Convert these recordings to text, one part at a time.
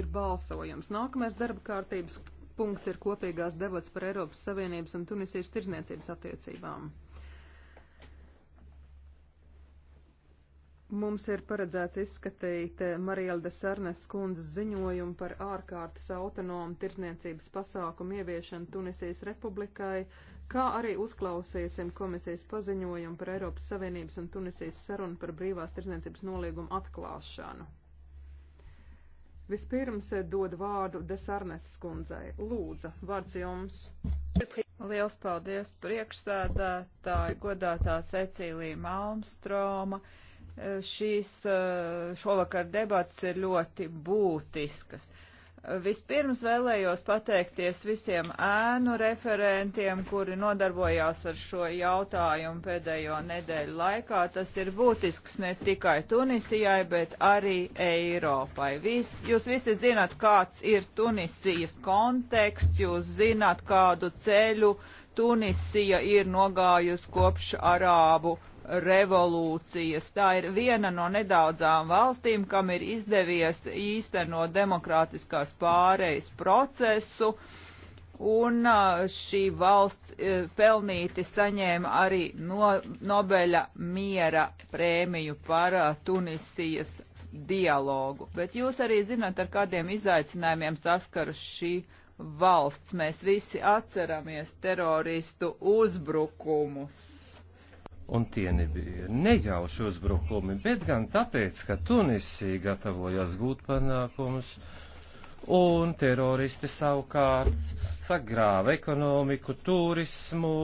ir balsojums. Nākamais darba kārtības punkts ir kopīgās debats par Eiropas Savienības un Tunisijas tirzniecības attiecībām. Mums ir paredzēts izskatīt eh, Mariela de Sarnes kundzes ziņojumu par ārkārtas autonomu tirzniecības pasākumu ieviešanu Tunisijas republikai, kā arī uzklausīsim komisijas paziņojumu par Eiropas Savienības un Tunisijas sarunu par brīvās tirzniecības noliegumu atklāšanu. Vispirms eh, dodu vārdu Desarnes skundzei. Lūdzu, vārds jums. Liels paldies priekšsēdētāji, godātā Cecīlija Malmstroma. Eh, šīs eh, šovakar debats ir ļoti būtiskas. Vispirms vēlējos pateikties visiem ēnu referentiem, kuri nodarbojās ar šo jautājumu pēdējo nedēļu laikā. Tas ir būtisks ne tikai Tunisijai, bet arī Eiropai. Vis, jūs visi zināt, kāds ir Tunisijas konteksts, jūs zināt, kādu ceļu Tunisija ir nogājusi kopš arābu revolūcijas. Tā ir viena no nedaudzām valstīm, kam ir izdevies īstenot demokrātiskās pārejas procesu, un šī valsts e, pelnīti saņēma arī no, Nobeļa miera prēmiju par Tunisijas dialogu. Bet jūs arī zināt, ar kādiem izaicinājumiem saskaras šī valsts. Mēs visi atceramies teroristu uzbrukumus un tie nebija nejauši uzbrukumi, bet gan tāpēc, ka Tunisija gatavojas gūt panākumus, un teroristi savukārt sagrāva ekonomiku, turismu,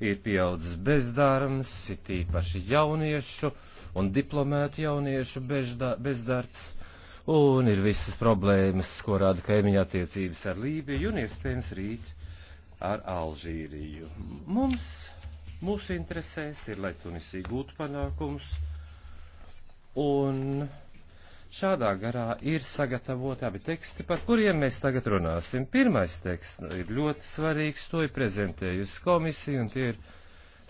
ir pieaudzis bezdarbs, ir tīpaši jauniešu un diplomētu jauniešu bezda, bezdarbs, un ir visas problēmas, ko rada kaimiņa attiecības ar Lībiju un iespējams rīt ar Alžīriju. Mums Mūsu interesēs ir, lai Tunisija gūtu panākums, un šādā garā ir sagatavoti abi teksti, par kuriem mēs tagad runāsim. Pirmais teksts ir ļoti svarīgs, to ir prezentējusi komisija, un tie ir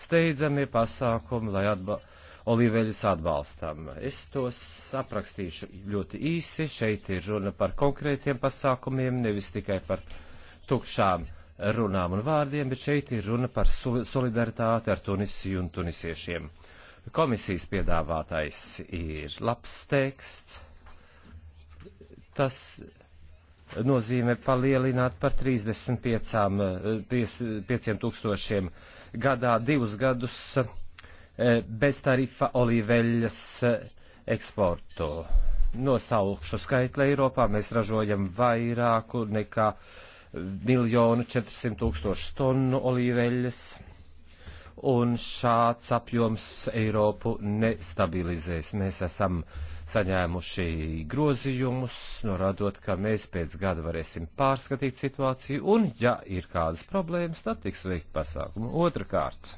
steidzamie pasākumi, lai atbalstītu. Oliveļas atbalstam. Es tos aprakstīšu ļoti īsi. Šeit ir runa par konkrētiem pasākumiem, nevis tikai par tukšām runām un vārdiem, bet šeit ir runa par solidaritāti ar Tunisiju un tunisiešiem. Komisijas piedāvātais ir labs teksts. Tas nozīmē palielināt par 35 tūkstošiem gadā divus gadus eh, bez tarifa olīveļas eh, eksportu. Nosaukšu skaitli Eiropā mēs ražojam vairāku nekā uh, miljonu 400 tūkstošu tonu olīveļas, un šāds apjoms Eiropu nestabilizēs. Mēs esam saņēmuši grozījumus, norādot, ka mēs pēc gada varēsim pārskatīt situāciju, un, ja ir kādas problēmas, tad tiks veikt pasākumu. Otrakārt.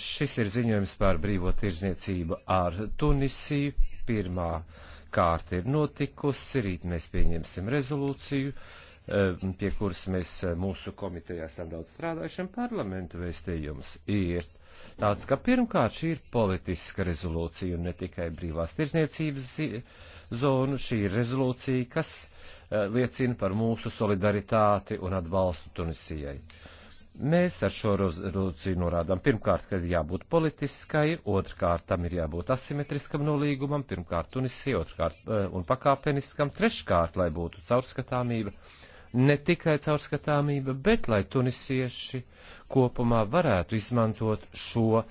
Šis ir ziņojums par brīvo tirzniecību ar Tunisiju. Pirmā uh, kārta ir notikusi, rīt mēs pieņemsim rezolūciju, eh, pie kuras mēs eh, mūsu komitejā esam daudz strādājuši, un parlamentu vēstījums ir tāds, ka pirmkārt šī ir politiska rezolūcija un ne tikai brīvās tirzniecības zonu, šī ir rezolūcija, kas eh, liecina par mūsu solidaritāti un atbalstu Tunisijai. Mēs ar šo rezolūciju norādām pirmkārt, ka ir jābūt politiskai, otrkārt tam ir jābūt asimetriskam nolīgumam, pirmkārt Tunisija, otrkārt eh, un pakāpeniskam, treškārt, lai būtu caurskatāmība, ne tikai caurskatāmība, bet lai tunisieši kopumā varētu izmantot šo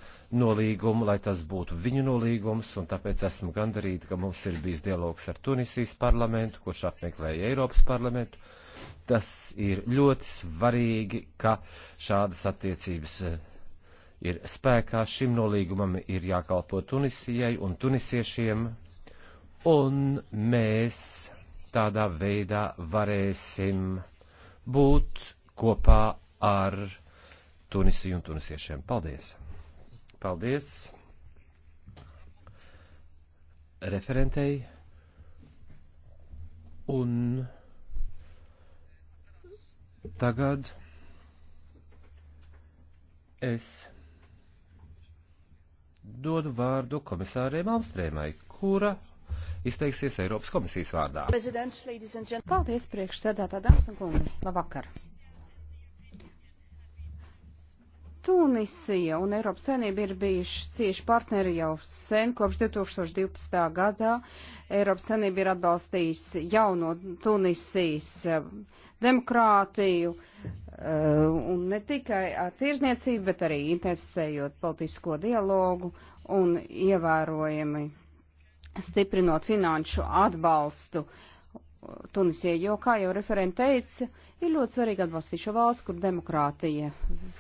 nolīgumu, lai tas būtu viņu nolīgums, un tāpēc esmu gandarīta, ka mums ir bijis dialogs ar Tunisijas parlamentu, kurš apmeklēja Eiropas parlamentu Tas ir ļoti svarīgi, ka šādas attiecības eh, ir spēkā. Šim nolīgumam ir jākalpo Tunisijai un tunisiešiem, un mēs tādā veidā varēsim būt kopā ar Tunisiju un tunisiešiem. Paldies! Paldies! Referentei un Tagad es dodu vārdu komisāriem Alstrēmai, kura izteiksies Eiropas komisijas vārdā. Paldies, priekšsēdētā dāmas un kungi. Labvakar! Tunisija un Eiropas Savienība ir bijuši cieši partneri jau sen, kopš 2012. gadā. Eiropas Savienība ir atbalstījusi jauno Tunisijas demokrātiju, eh, un ne tikai ar tirzniecību, bet arī interesējot politisko dialogu un ievērojami stiprinot finanšu atbalstu Tunisijai, jo, kā jau referenta teica, ir ļoti svarīgi atbalstīt šo valsts, kur demokrātija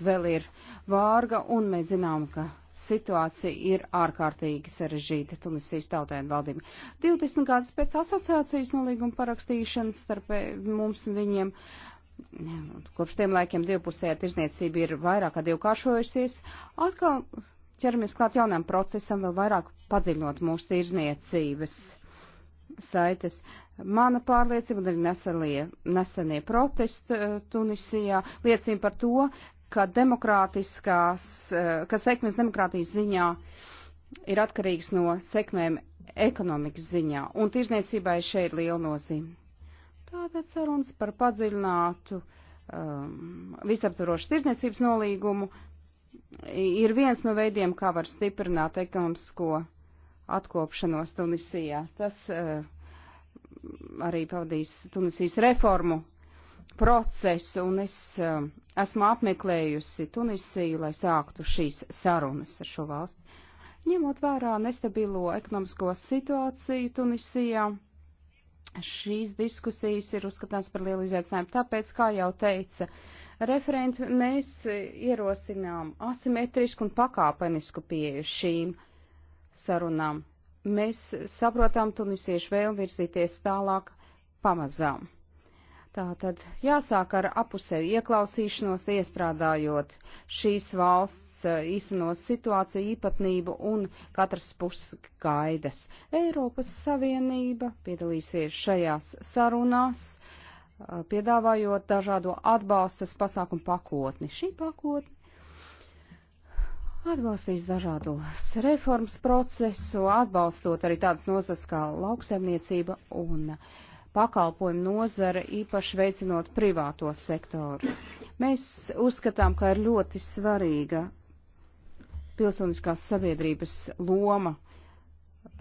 vēl ir vārga, un mēs zinām, ka situācija ir ārkārtīgi sarežģīta Tunisijas tautēnu valdību. 20 gadus pēc asociācijas nolīguma parakstīšanas starp eh, mums un viņiem. Kopš tiem laikiem divpusējā tirzniecība ir vairāk kā divkāršojusies. Atkal ķeramies klāt jaunam procesam, vēl vairāk padziļinot mūsu tirzniecības saites. Mana pārliecība un arī nesenie, nesenie protesti eh, Tunisijā liecina par to, ka demokrātiskās, eh, ka sekmes demokrātijas ziņā ir atkarīgs no sekmēm ekonomikas ziņā, un tirzniecībai šeit ir liela nozīme. Tātad sarunas par padziļinātu um, visaptvarošu tirzniecības nolīgumu ir viens no veidiem, kā var stiprināt ekonomisko atkopšanos Tunisijā. Tas uh, arī pavadīs Tunisijas reformu procesu, un es eh, esmu apmeklējusi Tunisiju, lai sāktu šīs sarunas ar šo valsti. Ņemot vērā nestabilo ekonomisko situāciju Tunisijā, šīs diskusijas ir uzskatāms par lielu izaicinājumu, tāpēc, kā jau teica referenti, mēs ierosinām asimetrisku un pakāpenisku pieeju šīm sarunām. Mēs saprotam tunisiešu vēl virzīties tālāk pamazām. Tātad jāsāk ar apusēju ieklausīšanos, iestrādājot šīs valsts eh, īstenos situāciju īpatnību un katras puses gaidas. Eiropas Savienība piedalīsies šajās sarunās, eh, piedāvājot dažādo atbalstas pasākumu pakotni. Šī pakotne atbalstīs dažādos reformas procesu, atbalstot arī tādas nozas kā lauksaimniecība un uh, pakalpojumu nozara, īpaši veicinot privāto sektoru. Mēs uzskatām, ka ir ļoti svarīga pilsoniskās sabiedrības loma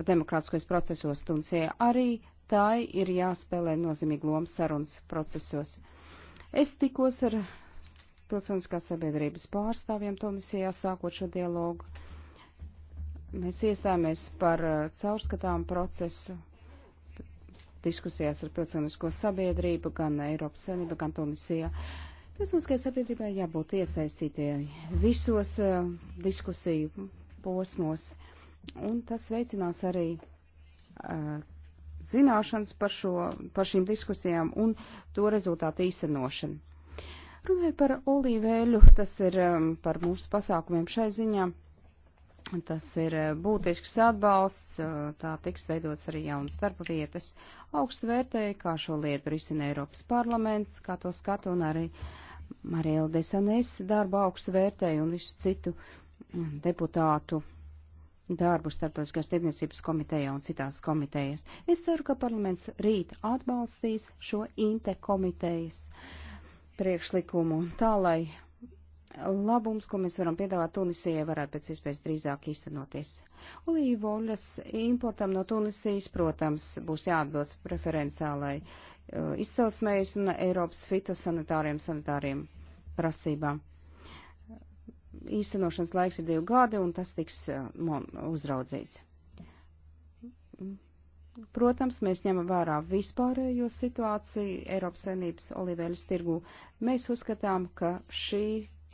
demokrātiskos procesos Tunisijā. Arī tai ir jāspēlē nozīmīga loma sarunas procesos. Es tikos ar pilsoniskās sabiedrības pārstāvjiem Tunisijā sākot šo dialogu. Mēs iestājāmies par eh, caurskatām procesu, diskusijās ar pilsonisko sabiedrību, gan Eiropas Savienība, gan Tunisijā. Pilsoniskajai sabiedrībai jābūt iesaistītiem visos uh, diskusiju posmos, un tas veicinās arī uh, zināšanas par, šo, par šīm diskusijām un to rezultātu īstenošanu. Runājot par olīvēļu, tas ir um, par mūsu pasākumiem šai ziņā. Tas ir eh, būtisks atbalsts, eh, tā tiks veidots arī jaunas darba vietas. Augstu vērtēju, kā šo lietu risina Eiropas parlaments, kā to skatu un arī Mariela Desanes darbu augstu vērtēju un visu citu mm, deputātu darbu starptautiskās tirdzniecības komitejā un citās komitejas. Es ceru, ka parlaments rīt atbalstīs šo inte komitejas priekšlikumu tā, lai labums, ko mēs varam piedāvāt Tunisijai, varētu pēc iespējas drīzāk īstenoties. Olīvoļas importam no Tunisijas, protams, būs jāatbilst preferenciālai uh, izcelsmējas un Eiropas fitosanitāriem sanitāriem prasībām. Īstenošanas laiks ir divi gadi, un tas tiks uh, uzraudzīts. Protams, mēs ņemam vērā vispārējo situāciju Eiropas saimnības olīveļas tirgū. Mēs uzskatām, ka šī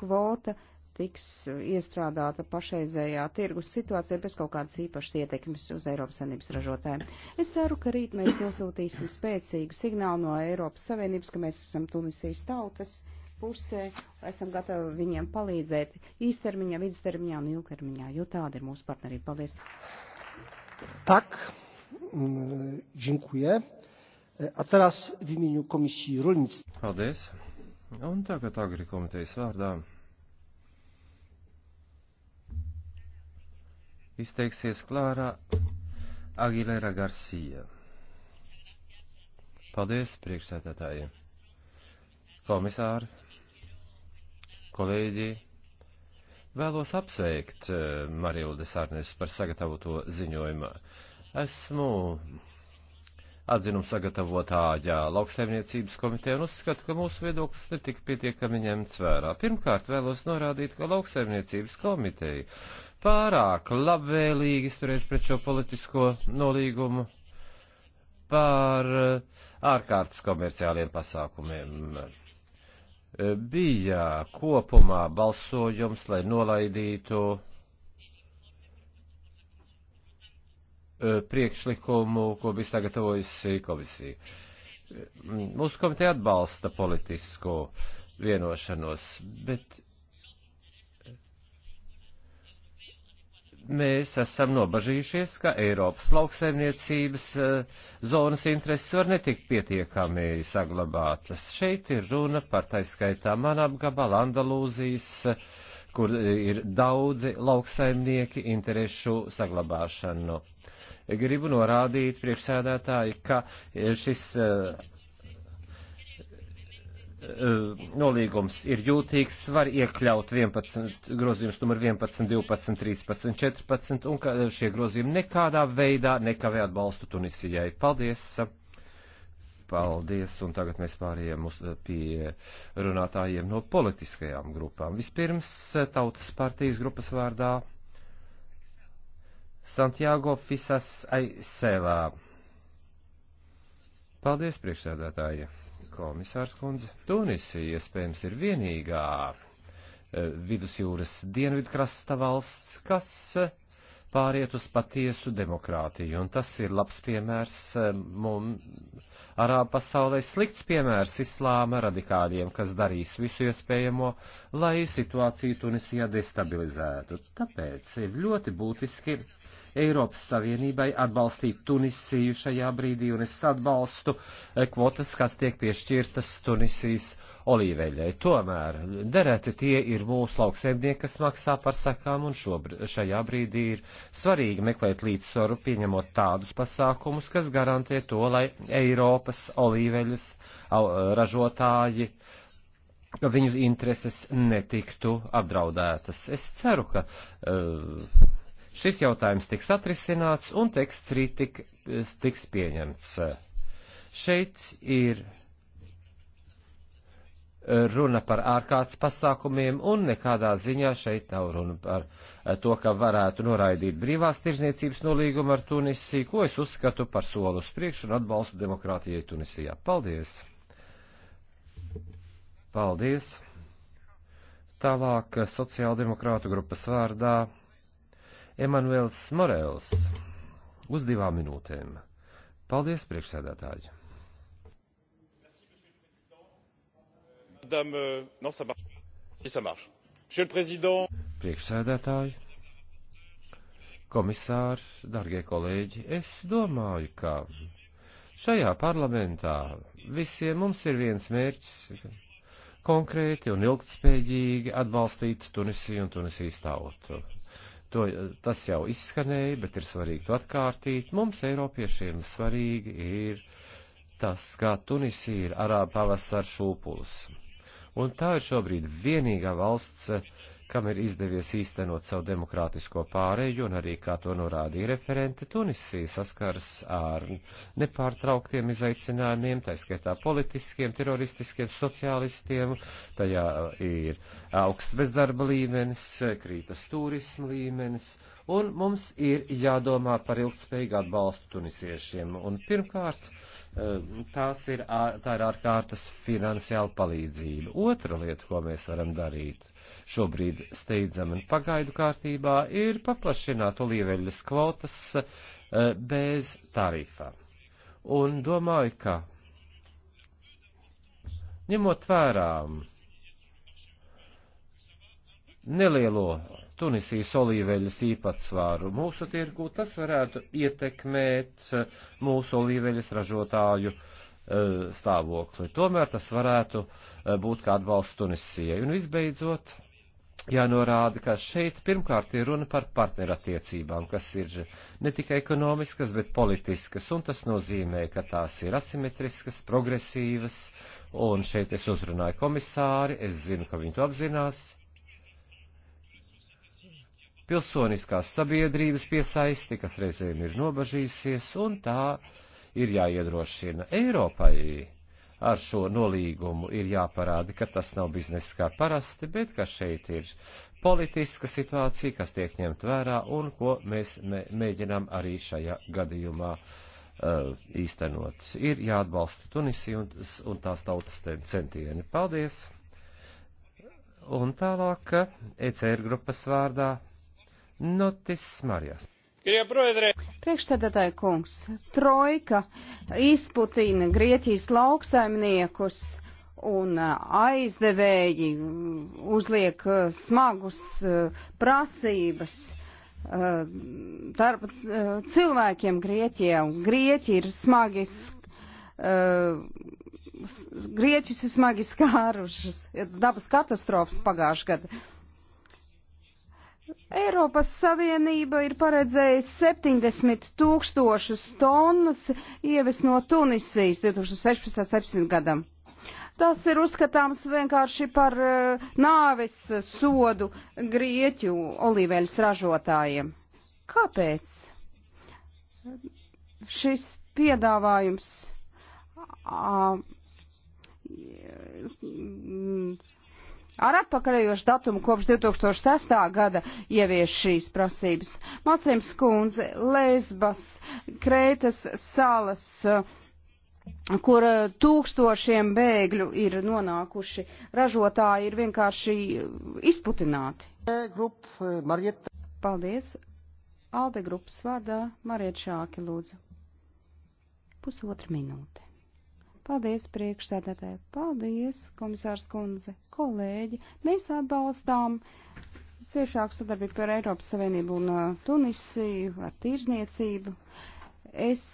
kvota tiks iestrādāta pašreizējā tirgus situācija bez kaut kādas īpašas ietekmes uz Eiropas Savienības ražotājiem. Es ceru, ka rīt mēs nosūtīsim spēcīgu signālu no Eiropas Savienības, ka mēs esam Tunisijas tautas pusē, esam gatavi viņiem palīdzēt īstermiņā, vidustermiņā un ilgtermiņā, jo tāda ir mūsu partnerība. Paldies! Tak, mm, dziękuję. E, a teraz w imieniu Komisji Rolnictwa. Paldies. Un tagad agri komitejas vārdā izteiksies Klārā Agilera Garcia. Paldies priekšsētētāji, komisāri, kolēģi. Vēlos apsveikt eh, Marildes Arnesu par sagatavoto ziņojumu. Esmu atzinumu sagatavotāja lauksaimniecības komiteja un uzskatu, ka mūsu viedoklis netika pietiekami ņemts vērā. Pirmkārt, vēlos norādīt, ka lauksaimniecības komiteja pārāk labvēlīgi izturēs pret šo politisko nolīgumu par eh, ārkārtas komerciāliem pasākumiem. Eh, bija kopumā balsojums, lai nolaidītu Eh, priekšlikumu, ko bija sagatavojusi komisija. Eh, mūsu komiteja atbalsta politisko vienošanos, bet mēs esam nobažījušies, ka Eiropas lauksaimniecības eh, zonas intereses var netikt pietiekami saglabātas. Šeit ir runa par taiskaitā man apgabala Andalūzijas, kur ir daudzi lauksaimnieki interesu saglabāšanu. Gribu norādīt priekšsēdētāji, ka šis eh, eh, nolīgums ir jūtīgs, var iekļaut 11, grozījums numur 11, 12, 13, 14, un ka šie grozījumi nekādā veidā nekavē atbalstu Tunisijai. Paldies! Paldies, un tagad mēs pārējiem uz, eh, pie runātājiem no politiskajām grupām. Vispirms Tautas partijas grupas vārdā Santiago Fisas Aiselā. Paldies, priekšsēdētāji, komisārs kundze. Tunisija, iespējams, ir vienīgā eh, vidusjūras dienvidkrasta valsts, kas eh, pāriet uz patiesu demokrātiju, un tas ir labs piemērs eh, mums arāba pasaulē, slikts piemērs islāma radikāļiem, kas darīs visu iespējamo, lai situāciju Tunisijā destabilizētu. Tāpēc ir ļoti būtiski Eiropas Savienībai atbalstīt Tunisiju šajā brīdī, un es atbalstu eh, kvotas, kas tiek piešķirtas Tunisijas olīveļai. Tomēr derēti tie ir mūsu lauksaimnieki, kas maksā par sakām, un šobr, šajā brīdī ir svarīgi meklēt līdzsvaru, pieņemot tādus pasākumus, kas garantē to, lai Eiropas olīveļas eh, ražotāji ka viņu intereses netiktu apdraudētas. Es ceru, ka uh, Šis jautājums tiks atrisināts un teksts rīt tik, tiks pieņemts. Šeit ir e, runa par ārkārtas pasākumiem un nekādā ziņā šeit nav runa par e, to, ka varētu noraidīt brīvās tirzniecības nolīgumu ar Tunisiju, ko es uzskatu par solu uz priekšu un atbalstu demokrātijai Tunisijā. Paldies! Paldies! Tālāk e, sociāldemokrātu grupas vārdā Emanuēls Morels uz divām minūtēm. Paldies, priekšsēdētāji! Euh, priekšsēdētāji, komisāri, darbie kolēģi, es domāju, ka šajā parlamentā visiem mums ir viens mērķis konkrēti un ilgtspējīgi atbalstīt Tunisiju un Tunisijas tautu To, tas jau izskanēja, bet ir svarīgi to atkārtīt. Mums, Eiropiešiem, svarīgi ir tas, kā Tunisija ir arā pavasar šūpuls. Un tā ir šobrīd vienīgā valsts kam ir izdevies īstenot savu demokrātisko pārēju, un arī, kā to norādīja referente, Tunisija saskars ar nepārtrauktiem izaicinājumiem, taiskaitā politiskiem, teroristiskiem, sociālistiem, tajā ir augsts bezdarba līmenis, krītas turisma līmenis, un mums ir jādomā par ilgtspējīgu atbalstu tunisiešiem, un pirmkārt, eh, tās ir, tā ir ārkārtas finansiāla palīdzība. Otra lieta, ko mēs varam darīt šobrīd steidzam un pagaidu kārtībā, ir paplašināt olīveļas kvotas eh, bez tarifā. Un domāju, ka ņemot vērām nelielo Tunisijas olīveļas īpatsvāru mūsu tirgū, tas varētu ietekmēt mūsu olīveļas ražotāju uh, E, stāvokli. Tomēr tas varētu e, būt kā atbalsts Tunisijai. Un visbeidzot, jānorāda, ka šeit pirmkārt ir runa par partnerattiecībām, kas ir ne tikai ekonomiskas, bet politiskas, un tas nozīmē, ka tās ir asimetriskas, progresīvas, un šeit es uzrunāju komisāri, es zinu, ka viņi to apzinās. Pilsoniskās sabiedrības piesaisti, kas reizēm ir nobažījusies, un tā uh, ir jāiedrošina Eiropai. Ar šo nolīgumu ir jāparāda, ka tas nav bizness kā parasti, bet ka šeit ir politiska situācija, kas tiek ņemt vērā un ko mēs mēģinām arī šajā gadījumā uh, īstenot. Ir jāatbalsta Tunisija un, un tās tautas centieni. Paldies! Un tālāk ECR grupas vārdā Notis Marijas. Priekšsēdētāja kungs, Trojka izputina Grieķijas lauksaimniekus un uh, aizdevēji uzliek uh, smagus uh, prasības darba cilvēkiem Grieķijā, un Grieķi ir smagi, Grieķis ir smagi skārušas dabas katastrofas pagājušajā gadā. Eiropas Savienība ir paredzējusi 70 tūkstošus tonnas ievies no Tunisijas 2016. gadam. Tas ir uzskatāms vienkārši par eh, nāves sodu grieķu olīveļas ražotājiem. Kāpēc šis piedāvājums? A, ar atpakaļējošu datumu kopš 2006. gada ievieš šīs prasības. Mācījums kundze, Lesbas, Krētas salas, eh, kur eh, tūkstošiem bēgļu ir nonākuši, ražotāji ir vienkārši izputināti. Grup, eh, Paldies. Alde grupas vārdā Mariet Šāki lūdzu. Pusotra minūte. Paldies, priekšsēdētāji! Paldies, komisārs kundze, kolēģi! Mēs atbalstām ciešāku sadarbību par Eiropas Savienību un uh, Tunisiju ar tirzniecību. Es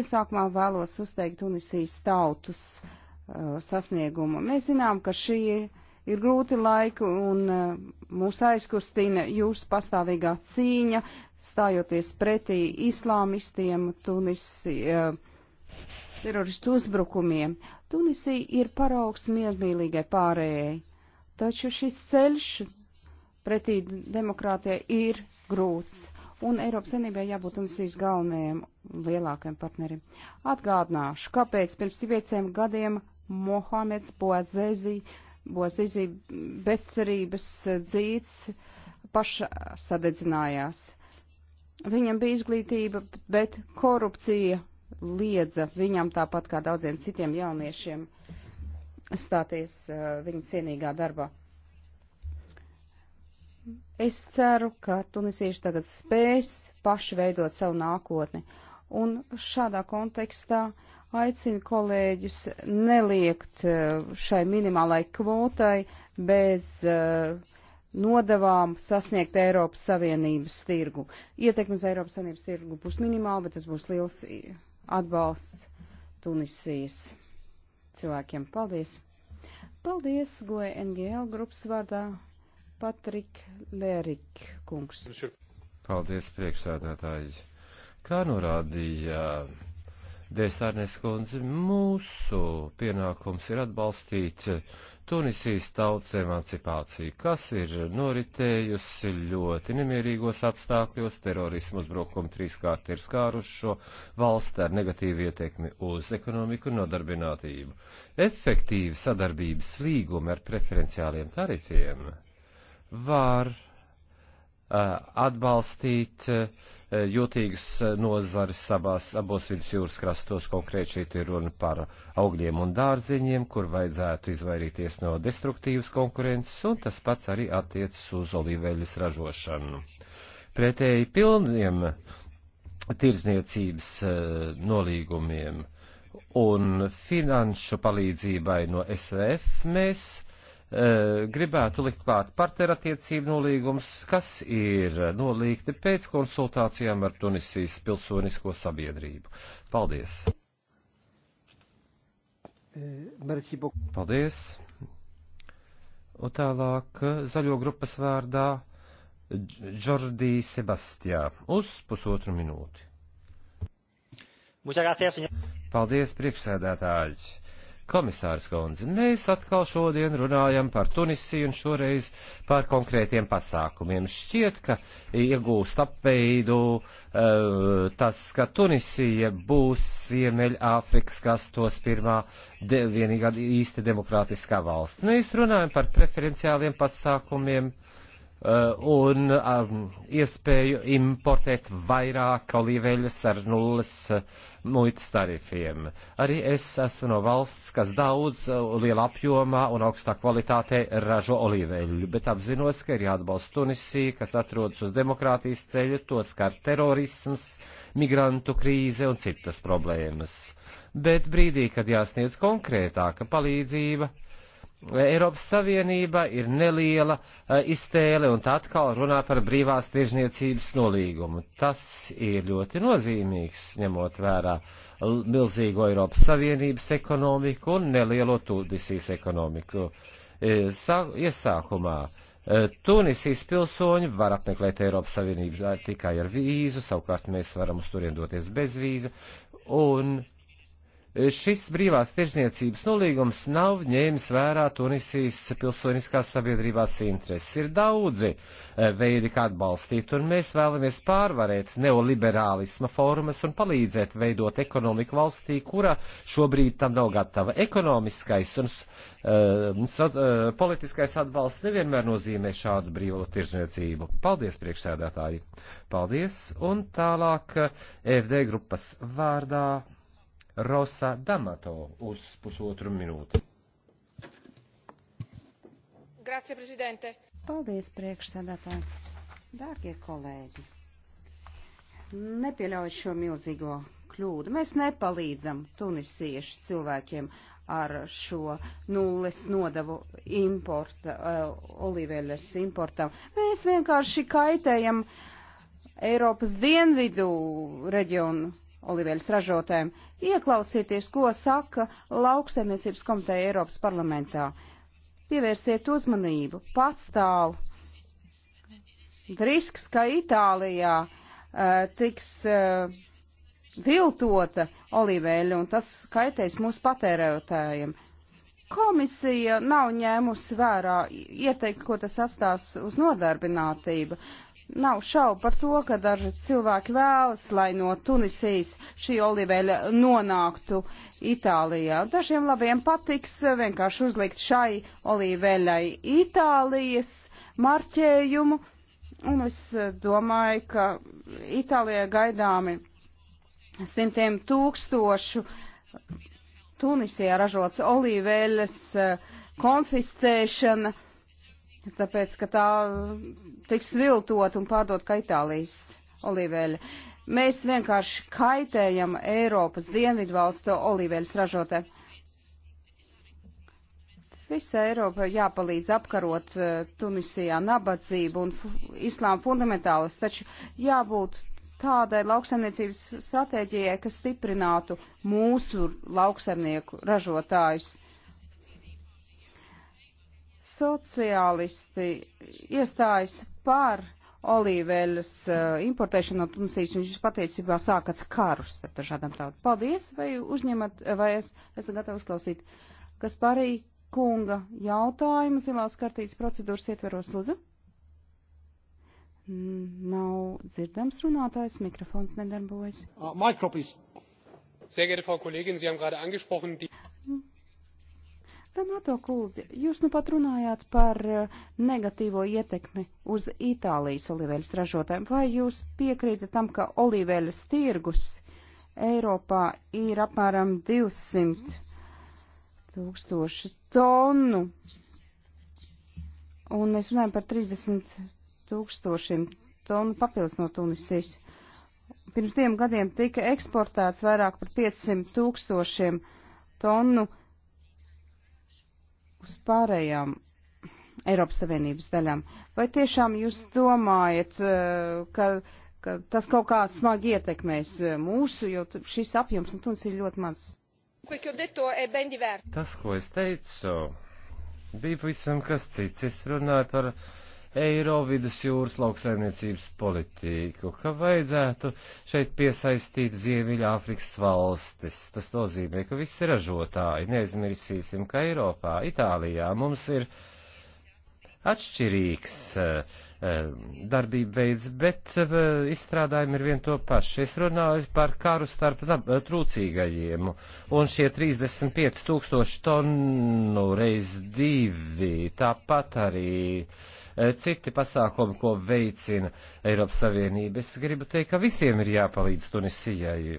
iesākumā vēlos uzteikt Tunisijas tautus uh, sasniegumu. Mēs zinām, ka šī ir grūti laiki un uh, mūs aizkustina jūsu pastāvīgā cīņa, stājoties pretī islāmistiem Tunisijā. Uh, teroristu uzbrukumiem. Tunisija ir paraugs miermīlīgai pārējai, taču šis ceļš pretī demokrātijai ir grūts, un Eiropas Savienībai jābūt Tunisijas galvenajiem lielākajiem partnerim. Atgādināšu, kāpēc pirms pieciem gadiem Mohameds Boazezi, Boazezi bezcerības dzīts paša sadedzinājās. Viņam bija izglītība, bet korupcija liedza viņam, tāpat kā daudziem citiem jauniešiem, stāties uh, viņa cienīgā darbā. Es ceru, ka tunisieši tagad spēs paši veidot savu nākotni. Un šādā kontekstā aicinu kolēģus neliekt uh, šai minimālai kvotai bez uh, nodavām sasniegt Eiropas Savienības tirgu. Ietekmes Eiropas Savienības tirgu būs minimāla, bet tas būs liels atbalsts Tunisijas cilvēkiem. Paldies! Paldies, Goe NGL grupas vārdā, Patrik Lērik kungs. Paldies, priekšsēdētāji. Kā norādīja Dēsārnes kundze, mūsu pienākums ir atbalstīt uh, Tunisijas tautas emancipācija, kas ir noritējusi ļoti nemierīgos apstākļos, terorismu uzbrukumi trīskārt ir skāruši šo valsti ar negatīvu ietekmi uz ekonomiku un nodarbinātību. Efektīvi sadarbības līgumi ar preferenciāliem tarifiem var uh, atbalstīt uh, Eh, jūtīgas eh, nozares abās, abos vidus jūras krastos, konkrēti šeit ir runa par augļiem un dārziņiem, kur vajadzētu izvairīties no destruktīvas konkurences, un tas pats arī attiecas uz olīveļas ražošanu. Pretēji pilniem tirzniecības eh, nolīgumiem un finanšu palīdzībai no SVF mēs Eh, gribētu likt klāt partnerattiecību nolīgums, kas ir nolīgti pēc konsultācijām ar Tunisijas pilsonisko sabiedrību. Paldies! Paldies! Un tālāk eh, zaļo grupas vārdā Džordī Sebastijā uz pusotru minūti. Paldies, priekšsēdētāji! Komisārs Kondze, mēs atkal šodien runājam par Tunisiju un šoreiz par konkrētiem pasākumiem. Šķiet, ka iegūst apveidu uh, tas, ka Tunisija būs Ziemeļāfrikas kastos pirmā de, vienīgā īsti demokrātiskā valsts. Mēs runājam par preferenciāliem pasākumiem. Uh, Eh, un um, iespēju importēt vairāk olīveļas ar nulles eh, muitas tarifiem. Arī es esmu no valsts, kas daudz eh, liela apjomā un augstā kvalitātē ražo olīveļu, bet apzinos, ka ir jāatbalsta Tunisija, kas atrodas uz demokrātijas ceļu, to skar terorisms, migrantu krīze un citas problēmas. Bet brīdī, kad jāsniedz konkrētāka palīdzība, uh, Eiropas Savienība ir neliela eh, iztēle, un tā atkal runā par brīvās tirzniecības nolīgumu. Tas ir ļoti nozīmīgs, ņemot vērā milzīgo Eiropas Savienības ekonomiku un nelielo Tunisijas ekonomiku. E, iesākumā e, Tunisijas pilsoņi var apmeklēt Eiropas Savienību e, tikai ar vīzu, savukārt mēs varam uz turien doties bez vīza, un Šis brīvās tirzniecības nolīgums nav ņēmis vērā Tunisijas pilsoniskās sabiedrībās intereses. Ir daudzi eh, veidi, kā atbalstīt, un mēs vēlamies pārvarēt neoliberālisma formas un palīdzēt veidot ekonomiku valstī, kura šobrīd tam nav gatava. Ekonomiskais un uh, so, uh, politiskais atbalsts nevienmēr nozīmē šādu brīvo tirzniecību. Paldies, priekšsēdētāji! Paldies! Un tālāk FD grupas vārdā Rosa D'Amato uz pusotru minūti. Grazie, prezidente. Paldies, priekšsēdētāji. Dārgie kolēģi, nepieļaujiet šo milzīgo kļūdu. Mēs nepalīdzam tunisiešu cilvēkiem ar šo nulles nodevu importa, uh, olīveļas importam. Mēs vienkārši kaitējam Eiropas dienvidu reģionu olīveļas ražotājiem. Ieklausieties, ko saka lauksaimniecības komiteja Eiropas parlamentā. Pievērsiet uzmanību. Pastāv risks, ka Itālijā uh, tiks uh, viltota olīveļa un tas kaitēs mūsu patērētājiem. Komisija nav ņēmusi vērā ieteikumu, ko tas atstās uz nodarbinātību. Nav šaubu par to, ka daži cilvēki vēlas, lai no Tunisijas šī oliveļa nonāktu Itālijā. Dažiem labiem patiks vienkārši uzlikt šai oliveļai Itālijas marķējumu, un es domāju, ka Itālijā gaidāmi simtiem tūkstošu Tunisijā ražots oliveļas eh, konfistēšana tāpēc, ka tā tiks viltot un pārdot kā Itālijas olīveļa. Mēs vienkārši kaitējam Eiropas dienvidvalstu olīveļas ražotē. Visa Eiropa jāpalīdz apkarot eh, Tunisijā nabadzību un islāma fundamentālus, taču jābūt tādai lauksaimniecības stratēģijai, kas stiprinātu mūsu lauksaimnieku ražotājus. Sociālisti iestājas par olīveļas uh, importēšanu no Tunisijas, un jūs patiesībā sākat karu starp dažādām tautām. Paldies, vai uzņemat, eh, vai es esmu gatava uzklausīt, kas parī kunga jautājumu zilās kartītes procedūras ietveros, lūdzu. Nav dzirdams runātājs, mikrofons nedarbojas. Uh, ah, Micro, please. Sehr geehrte Frau Kollegin, Sie haben gerade angesprochen die. Damato kundze, jūs nu pat runājāt par eh, negatīvo ietekmi uz Itālijas olīveļas ražotājiem. Vai jūs piekrītat tam, ka olīveļas tirgus Eiropā ir apmēram 200 tūkstoši tonu? Un mēs runājam par 30 tūkstošiem tonu papildus no Tunisijas. Pirms diviem gadiem tika eksportēts vairāk par 500 tūkstošiem tonu uz pārējām Eiropas Savienības daļām. Vai tiešām jūs domājat, eh, ka, ka tas kaut kā smagi ietekmēs eh, mūsu, jo šis apjoms un nu, tuns ir ļoti maz? Eh, tas, ko es teicu, bija pavisam kas cits. Es runāju par eiro vidus jūras lauksaimniecības politiku, ka vajadzētu šeit piesaistīt Ziemeļāfrikas valstis. Tas nozīmē, ka visi ražotāji, neaizmirsīsim, ka Eiropā, Itālijā mums ir atšķirīgs eh, eh, darbība veids, bet eh, izstrādājumi ir vien to pašu. Es runāju par karu starp trūcīgajiem, un šie 35 tūkstoši tonu reiz divi, tāpat arī uh, Eh, citi pasākumi, ko veicina Eiropas Savienība. Es gribu teikt, ka visiem ir jāpalīdz Tunisijai.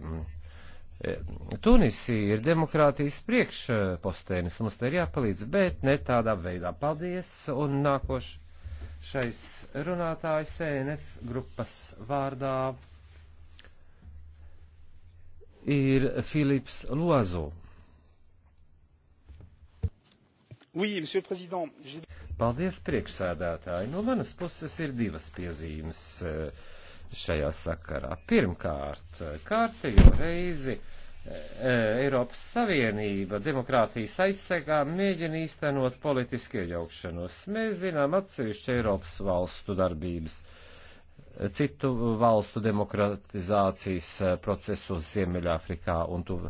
Eh, Tunisija ir demokrātijas priekšpostēnis, mums te ir jāpalīdz, bet ne tādā veidā. Paldies, un nākošais runātājs ENF grupas vārdā ir Filips Lozo. Oui, monsieur le président. Paldies, priekšsēdētāji. No manas puses ir divas piezīmes eh, šajā sakarā. Pirmkārt, eh, kārtējo reizi eh, Eiropas Savienība demokrātijas aizsegā mēģina īstenot politisku iejaukšanos. Mēs zinām atsevišķu Eiropas valstu darbības citu valstu demokratizācijas procesos Ziemeļāfrikā un tuv,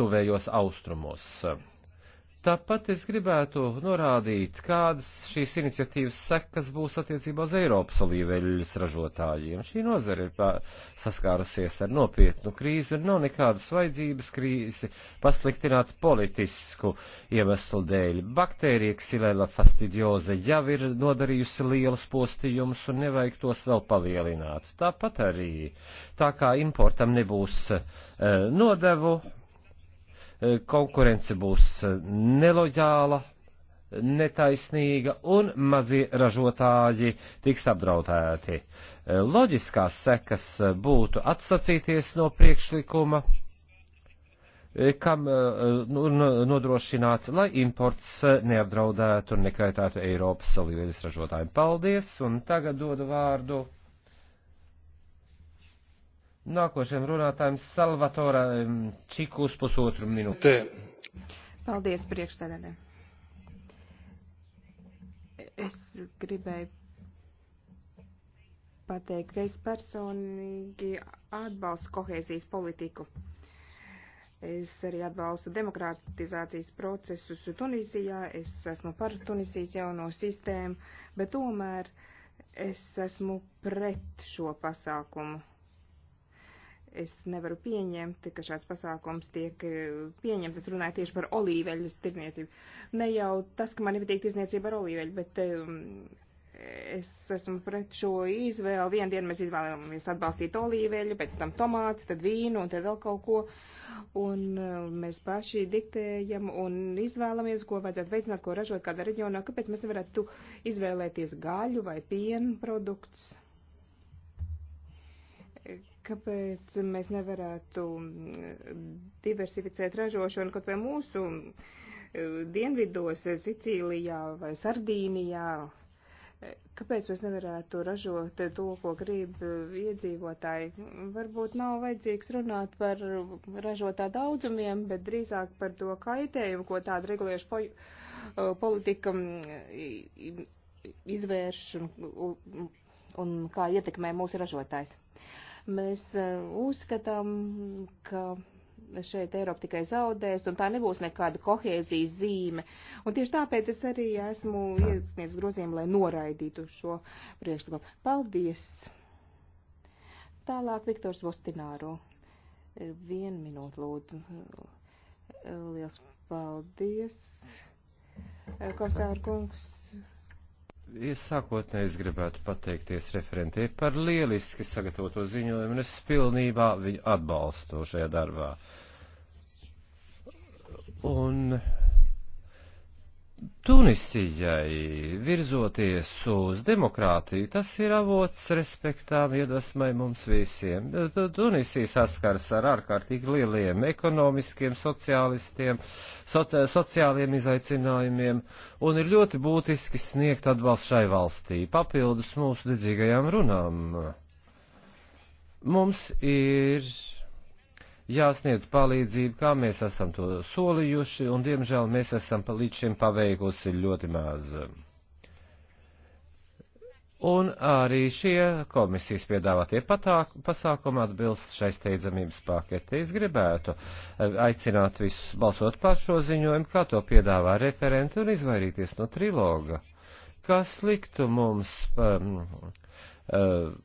tuvējos austrumos. Tāpat es gribētu norādīt, kādas šīs iniciatīvas sekas būs attiecībā uz Eiropas olīveļas ražotājiem. Šī nozara ir pā, saskārusies ar nopietnu krīzi un nav nekādas vajadzības krīzi pasliktināt politisku iemeslu dēļ. Baktērija ksilēla fastidioze jau ir nodarījusi lielus postījumus un nevajag tos vēl palielināt. Tāpat arī, tā kā importam nebūs e, nodevu, konkurence būs eh, nelojāla, netaisnīga un mazie ražotāji tiks apdraudēti. Eh, loģiskās sekas eh, būtu atsacīties no priekšlikuma, kam nu, nodrošināts, lai imports neapdraudētu un nekaitētu Eiropas Savienības ražotājiem. Paldies, un tagad dodu vārdu. Nākošajam runātājam Salvatora Čiku uz pusotru minūti. Paldies, priekšstādātē. Es gribēju pateikt, ka es personīgi atbalstu kohēzijas politiku. Es arī atbalstu demokratizācijas procesus Tunīzijā, es esmu par Tunīzijas jauno sistēmu, bet tomēr es esmu pret šo pasākumu Es nevaru pieņemt, ka šāds pasākums tiek eh, pieņemts. Es runāju tieši par olīveļas tirniecību. Ne jau tas, ka man nepatīk tirniecība ar olīveļu, bet ehm, es esmu pret šo izvēlu. Vienu dienu mēs izvēlamies atbalstīt olīveļu, pēc tam tomātus, tad vīnu un tad vēl kaut ko. Un ehm, mēs paši diktējam un izvēlamies, ko vajadzētu veicināt, ko ražot kādā reģionā. Kāpēc mēs nevarētu izvēlēties gaļu vai pienu produktus? kāpēc mēs nevarētu diversificēt ražošanu kaut vai mūsu eh, dienvidos, eh, Sicīlijā vai Sardīnijā. Kāpēc mēs nevarētu ražot eh, to, ko grib iedzīvotāji? Varbūt nav vajadzīgs runāt par ražotā daudzumiem, bet drīzāk par to kaitējumu, ko tāda regulēša po politika mm, izvērš un, un kā ietekmē mūsu ražotājs. Uh, Mēs e, uzskatām, ka šeit Eiropa tikai zaudēs, un tā nebūs nekāda kohēzijas zīme. Un tieši tāpēc es arī esmu iesniedzis grozījumu, lai noraidītu šo priekšlikumu. Paldies! Tālāk Viktors Vostināro. E, vienu minūtu lūdzu. E, liels paldies, komisāra kungs. Iesākotnēji es gribētu pateikties referentē par lieliski sagatavoto ziņojumu, un es pilnībā viņu atbalstu šajā darbā. Un Tunisijai virzoties uz demokrātiju, tas ir avots respektām iedvesmai mums visiem. Tunisija saskars ar ārkārtīgi lieliem ekonomiskiem, sociālistiem, soci sociāliem izaicinājumiem, un ir ļoti būtiski sniegt atbalstu šai valstī, papildus mūsu dedzīgajām runām. Mums ir jāsniedz palīdzība, kā mēs esam to solījuši, un diemžēl mēs esam līdz šim paveikusi ļoti maz. Un arī šie komisijas piedāvātie patāk, pasākumi atbilst šai steidzamības paketē. Es gribētu eh, aicināt visus balsot par šo ziņojumu, kā to piedāvā referenti, un izvairīties no triloga, kas liktu mums. Um, uh,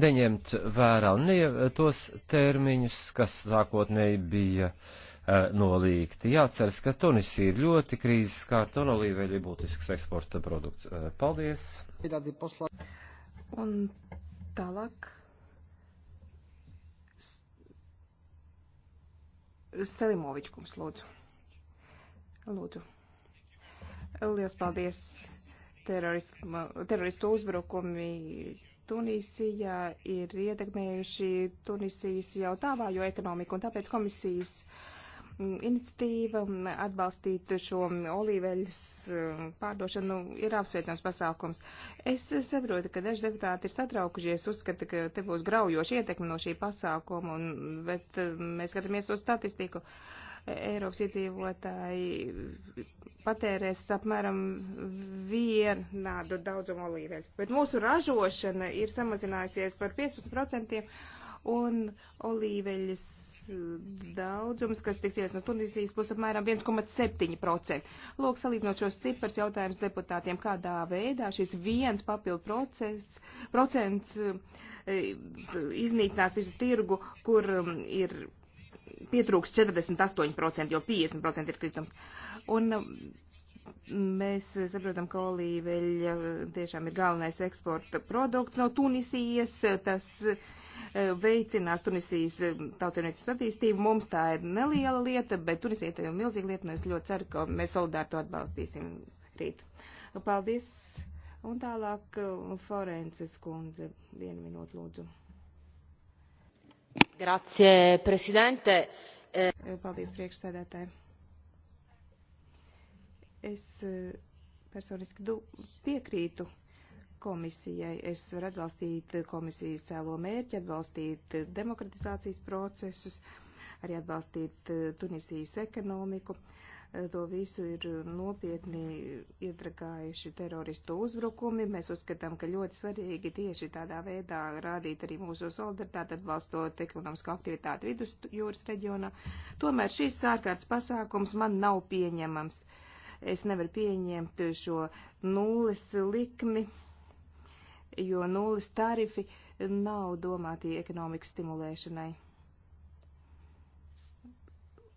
neņemt vērā ne tos termiņus, kas sākotnēji bija uh, nolīgti. Jāceras, ka Tunisija ir ļoti krīzes kārta un olīveļi būtisks eksporta produkts. Uh, paldies! Un tālāk. Selimovičs kungs, lūdzu. Lūdzu. Lielas paldies. Terorismu, teroristu uzbrukumi Tunisijā ir ietekmējuši Tunisijas jau tā vājo ekonomiku, un tāpēc komisijas mm, iniciatīva mm, atbalstīt šo olīveļas mm, pārdošanu ir apsveicams pasākums. Es saprotu, ka daži deputāti ir satraukušies, uzskata, ka te būs graujoši ietekmi no šī pasākuma, un, bet mēs skatāmies uz statistiku. Uh, Eiropas iedzīvotāji patērēs apmēram vienādu daudzumu olīveļas. Bet mūsu ražošana ir samazinājusies par 15% un olīveļas daudzums, kas tiks ies no Tunisijas, būs apmēram 1,7%. Lūk, salīdzinot šos cipars, jautājums deputātiem, kādā veidā šis viens papildu process, procents e, iznīcinās visu tirgu, kur mm, ir pietrūks 48%, jo 50% ir kritums. Un um, mēs saprotam, ka olīveļa tiešām ir galvenais eksporta produkts no Tunisijas. Tas uh, veicinās Tunisijas um, tautsēmniecības attīstību. Mums tā ir neliela lieta, bet Tunisija ir milzīga lieta, un es ļoti ceru, ka mēs solidāri to atbalstīsim rīt. Paldies! Un tālāk uh, Forences kundze, vienu minūtu lūdzu. Grazie, prezidente. Eh, Paldies, priekšsēdētāji. Es eh, personiski piekrītu komisijai. Es varu atbalstīt komisijas cēlo mērķi, atbalstīt demokratizācijas procesus, arī atbalstīt eh, Tunisijas ekonomiku. Uh, To visu ir nopietni iedragājuši teroristu uzbrukumi. Mēs uzskatām, ka ļoti svarīgi tieši tādā veidā rādīt arī mūsu solidaritāti, atbalstot ekonomisko aktivitāti vidusjūras reģionā. Tomēr šis ārkārtas pasākums man nav pieņemams. Es nevaru pieņemt šo nulles likmi, jo nulles tarifi nav domāti ekonomikas stimulēšanai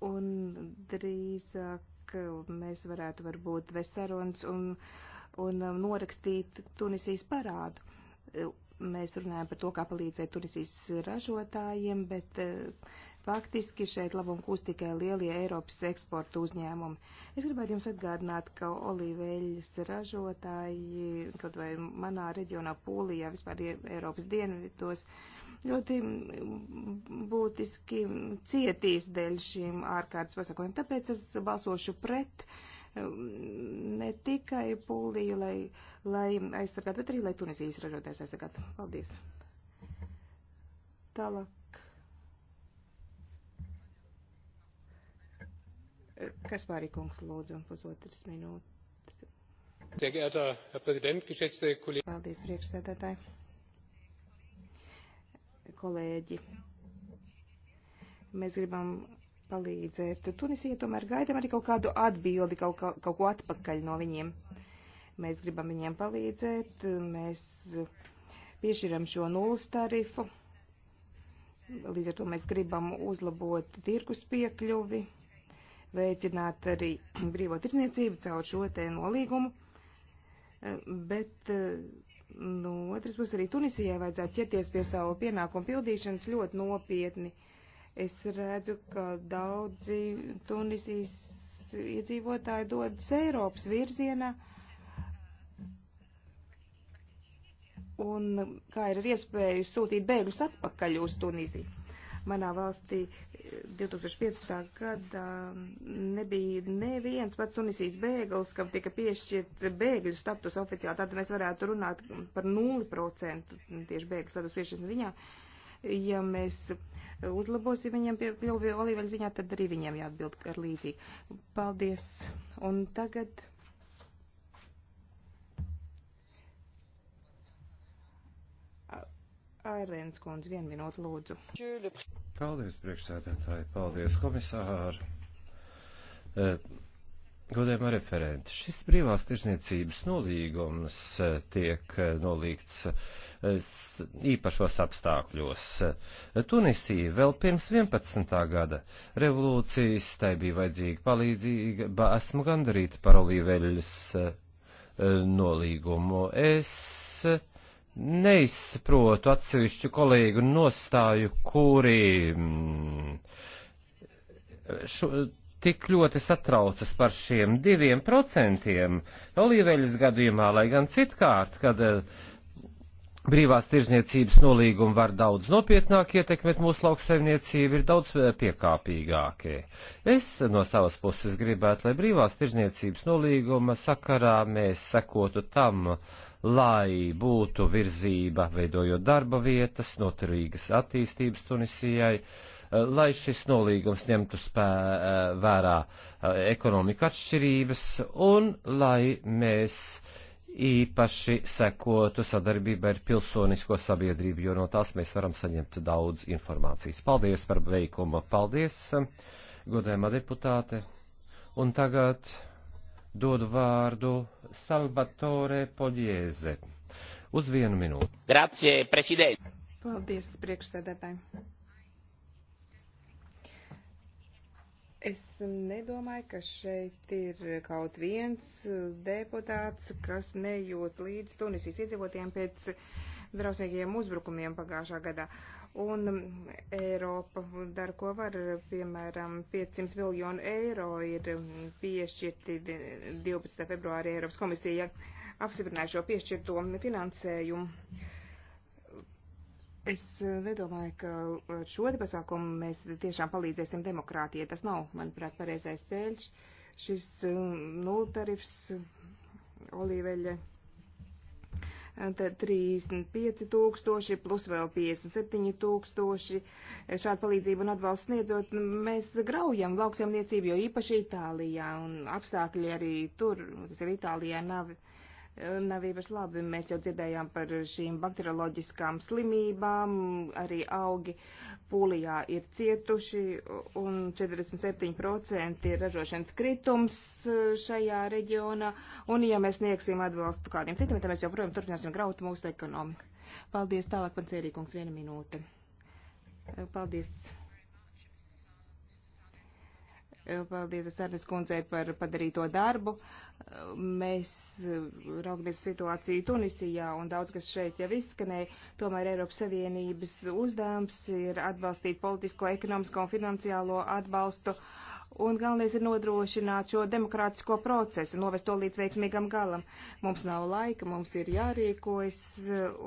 un drīzāk uh, mēs varētu varbūt vesarunas un, un um, norakstīt Tunisijas parādu. Uh, mēs runājam par to, kā palīdzēt Tunisijas ražotājiem, bet uh, faktiski šeit labumu kūst tikai lielie Eiropas eksporta uzņēmumi. Es gribētu jums atgādināt, ka olīveļas ražotāji, kaut vai manā reģionā Pūlijā, vispār Eiropas dienvidos, uh, ļoti būtiski cietīs dēļ šīm ārkārtas pasākumiem. Tāpēc es balsošu pret um, ne tikai pūlīju, lai, lai aizsargātu, bet arī, lai Tunisijas ražotājs aizsargātu. Paldies. Tālāk. Kaspārī kungs lūdzu un pusotras minūtes. Sehr geehrter Herr Präsident, geschätzte Kollegen. Paldies, priekšsēdētāji kolēģi. Mēs gribam palīdzēt. Tunisija tomēr gaidām arī kaut kādu atbildi, kaut, kaut, kaut ko atpakaļ no viņiem. Mēs gribam viņiem palīdzēt, mēs piešķiram šo nulles tarifu. Līdz ar to mēs gribam uzlabot tirkus piekļuvi, veicināt arī brīvo tirzniecību caur šo te nolīgumu. Bet No otras puses arī Tunisijai vajadzētu ķerties pie savu pienākumu pildīšanas ļoti nopietni. Es redzu, ka daudzi Tunisijas iedzīvotāji dodas Eiropas virzienā. Un kā ir ar iespēju sūtīt bēgļus atpakaļ uz Tuniziju? Manā valstī 2015. Eh, gadā mm, nebija neviens pats Tunisijas bēglis, kam tika piešķirts bēgļu status oficiāli. Tad mēs varētu runāt par 0% tieši bēgļu status piešķiršanas ziņā. Ja mēs uzlabosim viņiem piekļuvi olīveļu ziņā, tad arī viņiem jāatbild ar līdzīgi. Paldies. Un tagad. Airēns kundze, vienu minūtu lūdzu. Paldies, priekšsēdētāji, paldies, komisāri. E, godējumā referenti, šis privās tirzniecības nolīgums e, tiek e, nolīgts īpašos apstākļos. Tunisija vēl pirms 11. gada revolūcijas, tai bija vajadzīga palīdzīga, ba esmu gandarīta par olīveļas nolīgumu. Es neizprotu atsevišķu kolēģu nostāju, kuri mm, šo, tik ļoti satraucas par šiem diviem procentiem olīveļas gadījumā, lai gan citkārt, kad eh, brīvās tirzniecības nolīgumi var daudz nopietnāk ietekmēt mūsu lauksaimniecību, ir daudz eh, piekāpīgākie. Es no savas puses gribētu, lai brīvās tirzniecības nolīguma sakarā mēs sekotu tam, uh, lai būtu virzība, veidojot darba vietas, noturīgas attīstības Tunisijai, eh, lai šis nolīgums ņemtu spē, eh, vērā eh, ekonomika atšķirības un lai mēs īpaši sekotu sadarbībai ar pilsonisko sabiedrību, jo no tās mēs varam saņemt daudz informācijas. Paldies par veikumu, paldies, godējumā deputāte. Un tagad dodu vārdu Salvatore Poļieze. Uz vienu minūti. Grazie, prezident. Paldies, priekšsēdētāji. Es nedomāju, ka šeit ir kaut viens deputāts, kas nejūt līdz Tunisijas iedzīvotiem pēc drausmīgiem uzbrukumiem pagājušā gadā. Uh, Un um, Eiropa dara, ko var, piemēram, 500 miljonu eiro ir um, piešķirti 12. februārī Eiropas komisija apstiprināja šo piešķirto finansējumu. Es uh, nedomāju, ka ar šo te pasākumu mēs tiešām palīdzēsim demokrātijai. Tas nav, manuprāt, pareizais ceļš. Šis um, nultarifs olīveļa tad 35 tūkstoši plus vēl 57 tūkstoši šādu palīdzību un atbalstu sniedzot, nu, mēs graujam lauksaimniecību, jo īpaši Itālijā un apstākļi arī tur, nu, tas ir Itālijā nav. Uh, nav īpaši labi. Mēs jau dzirdējām par šīm bakterioloģiskām slimībām, arī augi pūlijā ir cietuši, un 47% ir ražošanas kritums eh, šajā reģionā, un ja mēs sniegsim atbalstu kādiem citiem, tad mēs joprojām turpināsim graut mūsu ekonomiku. Paldies tālāk, pan Cērīkungs, viena minūte. Eh, paldies. Paldies Sārnes kundzei par padarīto darbu. Mēs eh, raugamies situāciju Tunisijā un daudz, kas šeit jau izskanēja. Tomēr Eiropas Savienības uzdevums ir atbalstīt politisko, ekonomisko un finansiālo atbalstu uh, Un galvenais ir nodrošināt šo demokrātisko procesu, novest to līdz veiksmīgam galam. Mums nav laika, mums ir jārīkojas,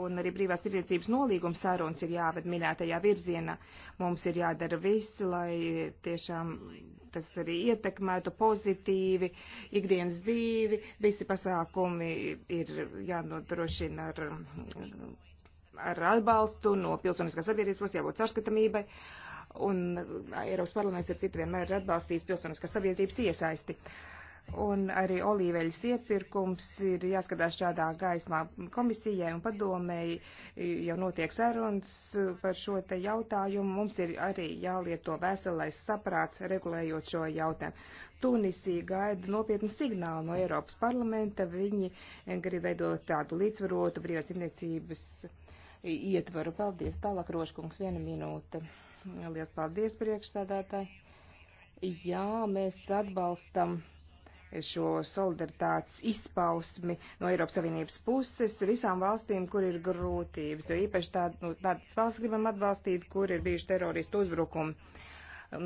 un arī brīvās tirdzniecības nolīgums sarunas ir jāved minētajā virzienā. Mums ir jādara viss, lai tiešām tas arī ietekmētu pozitīvi ikdienas dzīvi. Visi pasākumi ir jānodrošina ar, ar atbalstu no pilsoniskās sabiedrības, jābūt sarskatamībai. Uh, Un Eiropas parlaments ar citu vienmēr ir atbalstījis pilsoniskās sabiedrības iesaisti. Un arī olīveļas iepirkums ir jāskatās šādā gaismā komisijai un padomēji, jau notiek sarunas par šo te jautājumu. Mums ir arī jālieto veselais saprāts, regulējot šo jautājumu. Tunisija gaida nopietnu signālu no Eiropas parlamenta. Viņi grib veidot tādu līdzvarotu brīvās imniecības ietvaru. Paldies, tālāk Roškungs, viena minūte. Lielas paldies priekšsādātāji. Jā, mēs atbalstam šo solidaritātes izpausmi no Eiropas Savienības puses visām valstīm, kur ir grūtības, jo īpaši tād, nu, tādas valsts gribam atbalstīt, kur ir bijuši teroristu uzbrukumi.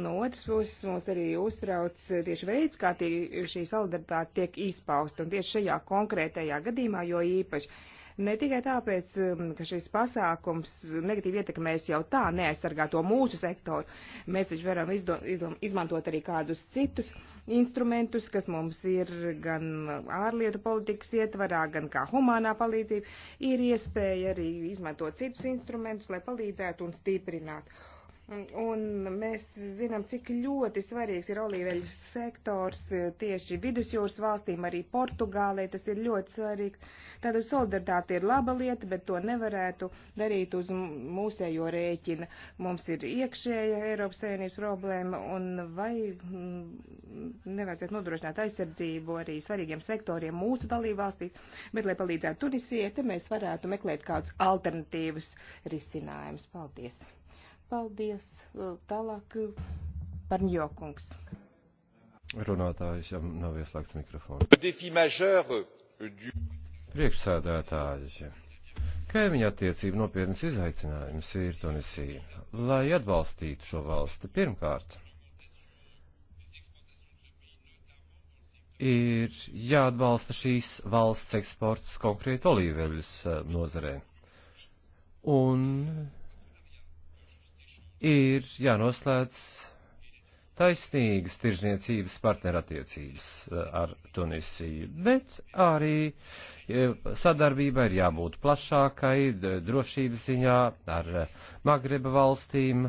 No otras puses mums arī uztrauc tieši veids, kā tie, šī solidaritāte tiek izpausta, un tieši šajā konkrētajā gadījumā, jo īpaši Ne tikai tāpēc, um, ka šis pasākums negatīvi ietekmēs jau tā neaizsargāto mūsu sektoru, mēs taču varam izdo, izdom, izmantot arī kādus citus instrumentus, kas mums ir gan ārlietu politikas ietvarā, gan kā humānā palīdzība. Ir iespēja arī izmantot citus instrumentus, lai palīdzētu un stiprinātu. Un mēs zinām, cik ļoti svarīgs ir olīveļu sektors e, tieši vidusjūras valstīm, arī Portugālei tas ir ļoti svarīgs. Tātad solidaritāte ir laba lieta, bet to nevarētu darīt uz mūsējo rēķina. Mums ir iekšēja Eiropas Savienības problēma un vai mm, nevajadzētu nodrošināt aizsardzību arī svarīgiem sektoriem mūsu dalībvalstīs, bet lai palīdzētu Tunisijai, te mēs varētu meklēt kādus alternatīvus risinājumus. Paldies! Paldies. Tālāk par ņokungs. Runātājs jau nav ieslēgts mikrofonu. Priekšsēdētājs. Kaimiņa attiecība nopietnas izaicinājums ir Tunisija. Lai atbalstītu šo valsti, pirmkārt, ir jāatbalsta šīs valsts eksports konkrēti olīveļas eh, nozarē. Un ir jānoslēdz taisnīgas tirzniecības partnerattiecības eh, ar Tunisiju, bet arī eh, sadarbība ir jābūt plašākai drošības ziņā ar eh, Magreba valstīm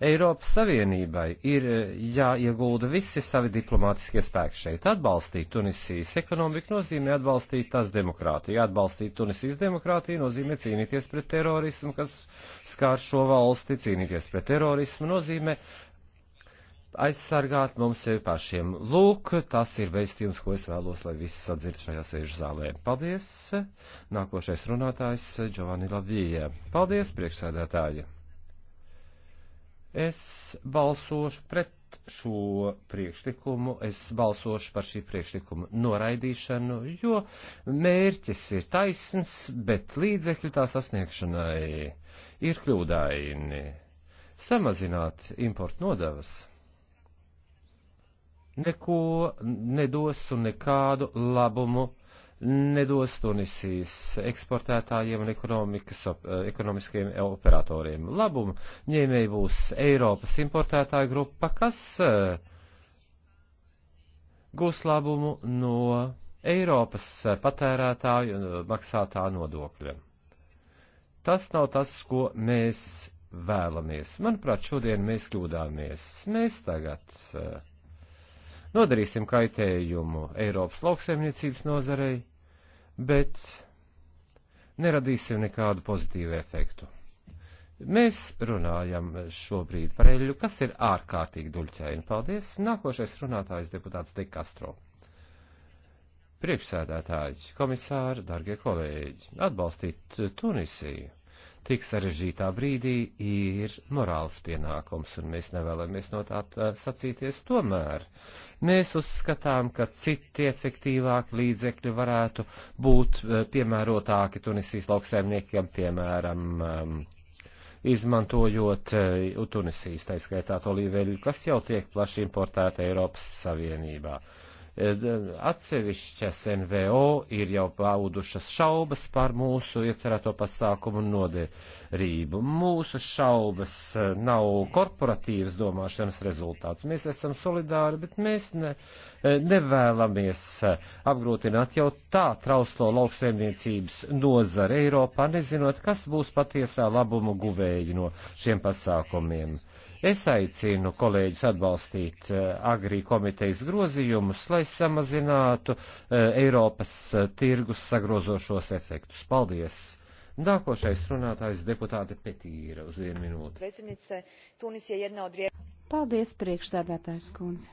Eiropas Savienībai ir e, jāiegulda visi savi diplomātiskie spēki šeit. Atbalstīt Tunisijas ekonomiku nozīmē atbalstīt tās demokrātiju. Atbalstīt Tunisijas demokrātiju nozīmē cīnīties pret terorismu, kas skār šo valsti. Cīnīties pret terorismu nozīmē aizsargāt mums sevi pašiem. Lūk, tas ir veistījums, ko es vēlos, lai visi sadzird šajā sēžu zālē. Paldies! Nākošais runātājs Giovanni Lavija. Paldies, priekšsēdētāji! Es balsošu pret šo priekšlikumu, es balsošu par šī priekšlikuma noraidīšanu, jo mērķis ir taisns, bet līdzekļi tā sasniegšanai ir kļūdaini. Samazināt importu nodevas neko nedos un nekādu labumu nedos Tunisijas eksportētājiem un op, eh, ekonomiskiem operatoriem. Labumu ņēmēji būs Eiropas importētāju grupa, kas eh, gūs labumu no Eiropas patērētāju eh, maksātā nodokļa. Tas nav tas, ko mēs vēlamies. Manuprāt, šodien mēs kļūdāmies. Mēs tagad uh, nodarīsim kaitējumu Eiropas lauksaimniecības nozarei, bet neradīsim nekādu pozitīvu efektu. Mēs runājam šobrīd par eļļu, kas ir ārkārtīgi duļķēni. Paldies! Nākošais runātājs deputāts De Castro. Priekšsēdētāji, komisāri, dargie kolēģi, atbalstīt Tunisiju tik sarežģītā brīdī ir morāls pienākums, un mēs nevēlamies no tā eh, sacīties tomēr. Mēs uzskatām, ka citi efektīvāki līdzekļi varētu būt eh, piemērotāki Tunisijas lauksaimniekiem, piemēram, ehm, izmantojot eh, Tunisijas, taiskaitā olīveļu, kas jau tiek plaši importēta Eiropas Savienībā. Uh, Atsevišķas NVO ir jau paudušas šaubas par mūsu iecerēto pasākumu noderību. Mūsu šaubas eh, nav korporatīvas domāšanas rezultāts. Mēs esam solidāri, bet mēs ne, eh, nevēlamies eh, apgrūtināt jau tā trauslo lauksaimniecības nozare Eiropā, nezinot, kas būs patiesā labumu guvēji no šiem pasākumiem. Es aicinu kolēģus atbalstīt eh, agrī komitejas grozījumus, lai samazinātu eh, Eiropas eh, tirgus sagrozošos efektus. Paldies! Nākošais runātājs deputāte Petīra uz vienu minūti. Paldies, priekšsēdētājs kundze.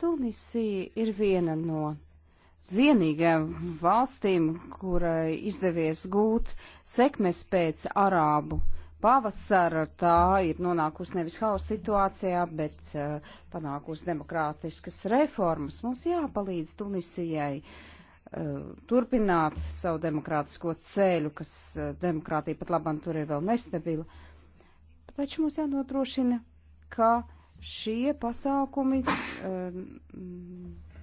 Tunisija ir viena no vienīgajām valstīm, kurai izdevies gūt sekmes pēc arābu pavasara, tā ir nonākusi nevis hausa situācijā, bet uh, panākusi demokrātiskas reformas. Mums jāpalīdz Tunisijai uh, turpināt savu demokrātisko ceļu, kas uh, demokrātija pat labam tur ir vēl nestabila. Taču mums jānodrošina, ka šie pasākumi. Uh,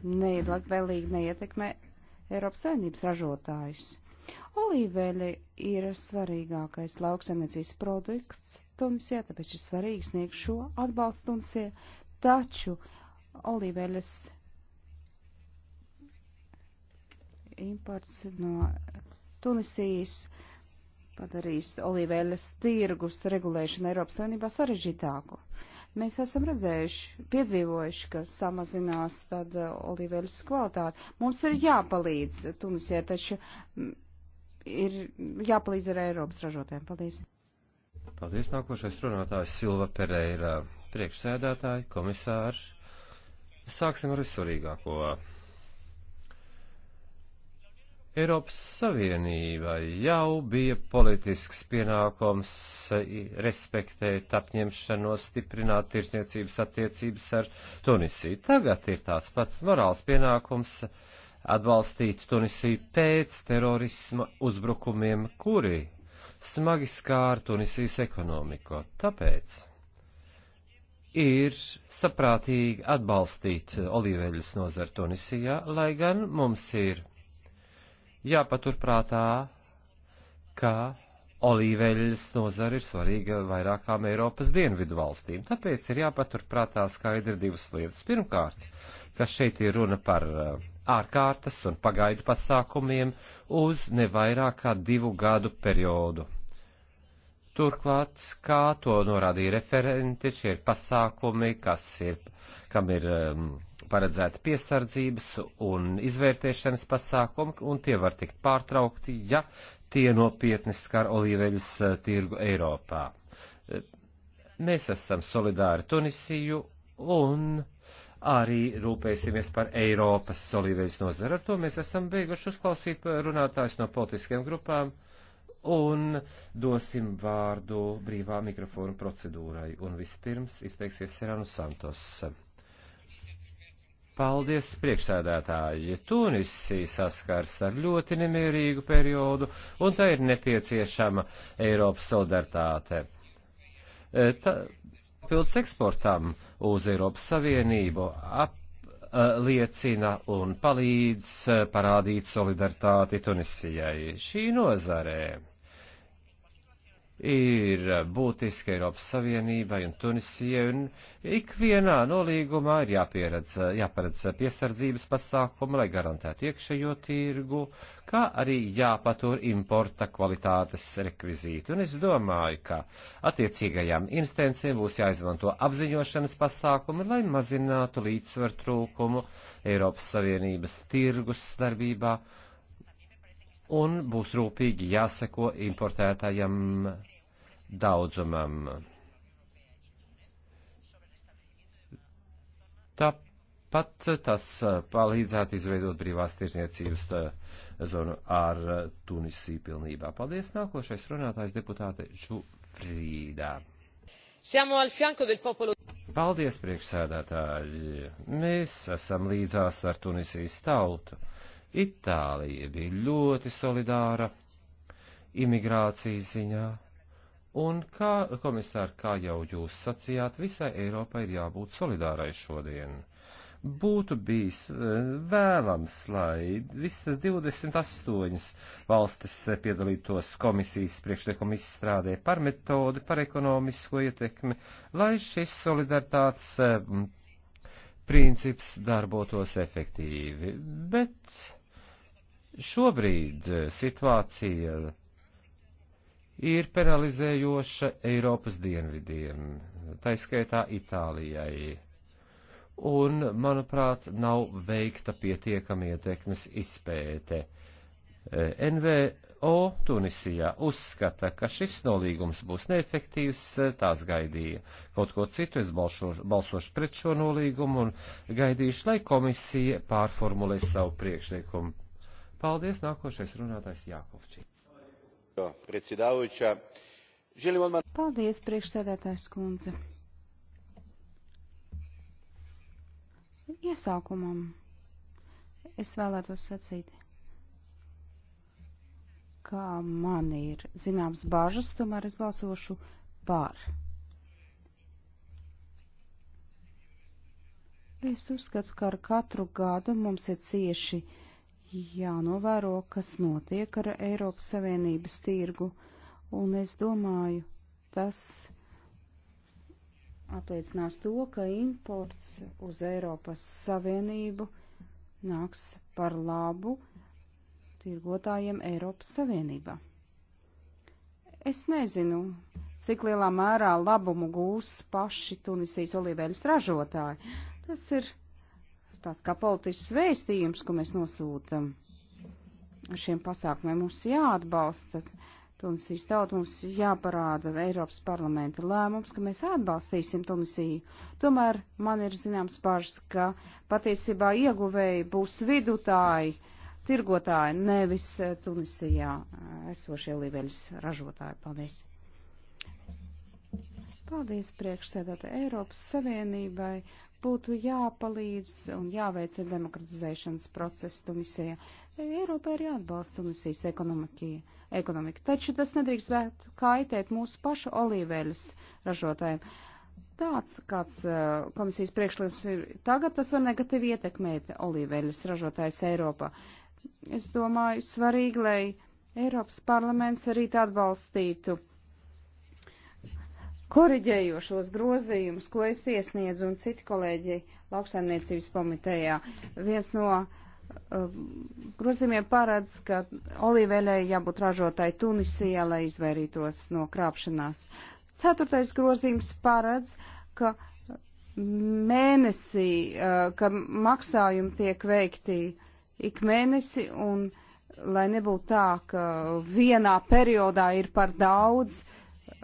nelabvēlīgi neietekmē Eiropas saimnības ražotājus. Olīveļa ir svarīgākais lauksaimniecības produkts Tunisijā, tāpēc ir svarīgi sniegt šo atbalstu Tunisijā, taču olīveļas imports no Tunisijas padarīs olīveļas tirgus regulēšanu Eiropas Savienībā sarežģītāku. Uh, Mēs esam redzējuši, piedzīvojuši, ka samazinās tad eh, olīveļas kvalitāte. Mums ir jāpalīdz Tunisijai, taču mm, ir jāpalīdz arī Eiropas ražotēm. Paldies! Paldies, nākošais runātājs Silva Pereira, priekšsēdētāji, komisāri. Sāksim ar vissvarīgāko. Eiropas Savienībai jau bija politisks pienākums e, respektēt apņemšanos stiprināt tirsniecības attiecības ar Tunisiju. Tagad ir tāds pats morāls pienākums atbalstīt Tunisiju pēc terorisma uzbrukumiem, kuri smagi skār Tunisijas ekonomiku. Tāpēc ir saprātīgi atbalstīt olīveļas nozaru Tunisijā, lai gan mums ir jāpaturprātā, ka olīveļas nozara ir svarīga vairākām Eiropas dienvidu valstīm, tāpēc ir jāpaturprātā skaidri divas lietas. Pirmkārt, ka šeit ir runa par eh, ārkārtas un pagaidu pasākumiem uz nevairāk kā divu gadu periodu Turklāt, kā to norādīja referenti, šie ir pasākumi, kas ir, kam ir um, paredzēta piesardzības un izvērtēšanas pasākumi, un tie var tikt pārtraukti, ja tie nopietni skar olīveļas uh, tirgu Eiropā. Uh, mēs esam solidāri Tunisiju un arī rūpēsimies par Eiropas olīveļas nozaru. Ar to mēs esam beiguši uzklausīt uh, runātājus no politiskiem grupām un dosim vārdu brīvā mikrofonu procedūrai. Un vispirms izteiksies Seranu Santos. Paldies, priekšsēdētāji! Tunisija saskars ar ļoti nemierīgu periodu, un tā ir nepieciešama Eiropas solidaritāte. E, ta, pildus eksportam uz Eiropas Savienību apliecina e, un palīdz e, parādīt solidaritāti Tunisijai. Šī nozarē ir būtiska Eiropas Savienībai un Tunisijai, un ikvienā nolīgumā ir jāpieredz, jāparedz piesardzības pasākumu, lai garantētu iekšējo tirgu, kā arī jāpatur importa kvalitātes rekvizīti. Un es domāju, ka attiecīgajām instancēm būs jāizmanto apziņošanas pasākumi, lai mazinātu līdzsvaru trūkumu Eiropas Savienības tirgus darbībā un būs rūpīgi jāseko importētājam daudzumam. Tāpat tas eh, palīdzētu izveidot brīvās tirzniecības eh, zonu ar eh, Tunisiju pilnībā. Paldies, nākošais runātājs deputāte Žufrīdā. Siamo al fianco del popolo. Paldies, priekšsēdētāji! Mēs esam līdzās ar Tunisijas tautu. Itālija bija ļoti solidāra imigrācijas ziņā. Un kā, komisār, kā jau jūs sacījāt, visai Eiropai ir jābūt solidārai šodien. Būtu bijis eh, vēlams, lai visas 28 valstis piedalītos komisijas priekšlikumu izstrādē par metodi, par ekonomisko ietekmi, lai šis solidaritātes eh, princips darbotos efektīvi. Bet šobrīd eh, situācija ir penalizējoša Eiropas dienvidiem, taiskaitā Itālijai. Un, manuprāt, nav veikta pietiekama ietekmes izpēte. Eh, NVO Tunisijā uzskata, ka šis nolīgums būs neefektīvs, eh, tās gaidīja. Kaut ko citu es balsošu, balsošu pret šo nolīgumu un gaidīšu, lai komisija pārformulēs savu priekšlikumu. Paldies, nākošais runātājs Jākovčī. Paldies, priekšsēdētājs kundze. Iesākumam es vēlētos sacīt, kā man ir zināms bažas, tomēr es balsošu pār. Es uzskatu, ka ar katru gadu mums ir cieši uh, jānovēro, kas notiek ar Eiropas Savienības tirgu, un es domāju, tas apliecinās to, ka imports uz Eiropas Savienību nāks par labu tirgotājiem Eiropas Savienībā. Es nezinu, cik lielā mērā labumu gūs paši Tunisijas olīveļas ražotāji. Tas ir tāds kā politisks vēstījums, ko mēs nosūtam šiem pasākumiem. Mums jāatbalsta Tunisijas tauta, mums jāparāda Eiropas parlamenta lēmums, ka mēs atbalstīsim Tunisiju. Tomēr man ir zināms bažas, ka patiesībā ieguvēji būs vidutāji, tirgotāji, nevis eh, Tunisijā eh, esošie līveļas ražotāji. Paldies! Paldies priekšsēdētāji Eiropas Savienībai būtu jāpalīdz un jāveicina demokratizēšanas process Tunisijā. Eiropā ir jāatbalsta Tunisijas ekonomika, taču tas nedrīkst vēl kaitēt mūsu pašu olīveļas ražotājiem. Tāds, kāds uh, komisijas priekšlikums ir tagad, tas var negatīvi ietekmēt olīveļas ražotājs Eiropā. Es domāju, svarīgi, lai Eiropas parlaments arī atbalstītu koriģējošos grozījumus, ko es iesniedzu un citi kolēģi lauksaimniecības komitejā. Viens no uh, grozījumiem paredz, ka olīveļai jābūt ražotāji Tunisijā, lai izvairītos no krāpšanās. Ceturtais grozījums paredz, ka mēnesī, uh, ka maksājumi tiek veikti ik mēnesi un lai nebūtu tā, ka vienā periodā ir par daudz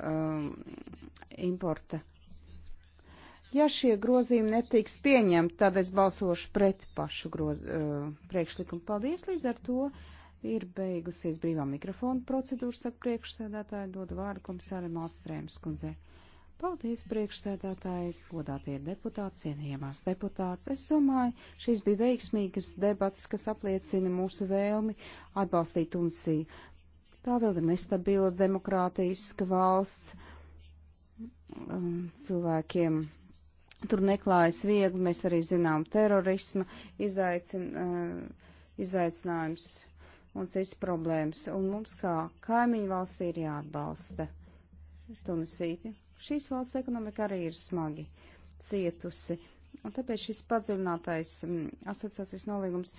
um, importa. Ja šie grozījumi netiks pieņemti, tad es balsošu pret pašu groz, uh, priekšlikumu. Paldies, līdz ar to ir beigusies brīvā mikrofona procedūra, saka priekšsēdētāji, dod vārdu komisārai Malstrēmas kundzei. Paldies, priekšsēdētāji, godātie deputāti, cienījamās deputāts. Es domāju, šīs bija veiksmīgas debats, kas apliecina mūsu vēlmi atbalstīt Tunisiju. Tā vēl ir nestabila demokrātiska valsts cilvēkiem tur neklājas viegli, mēs arī zinām terorisma izaicin, eh, izaicinājums un citas problēmas. Un mums kā kaimiņu valsts ir jāatbalsta Tunisīti. Šīs valsts ekonomika arī ir smagi cietusi. Un tāpēc šis padziļinātais mm, asociācijas nolīgums,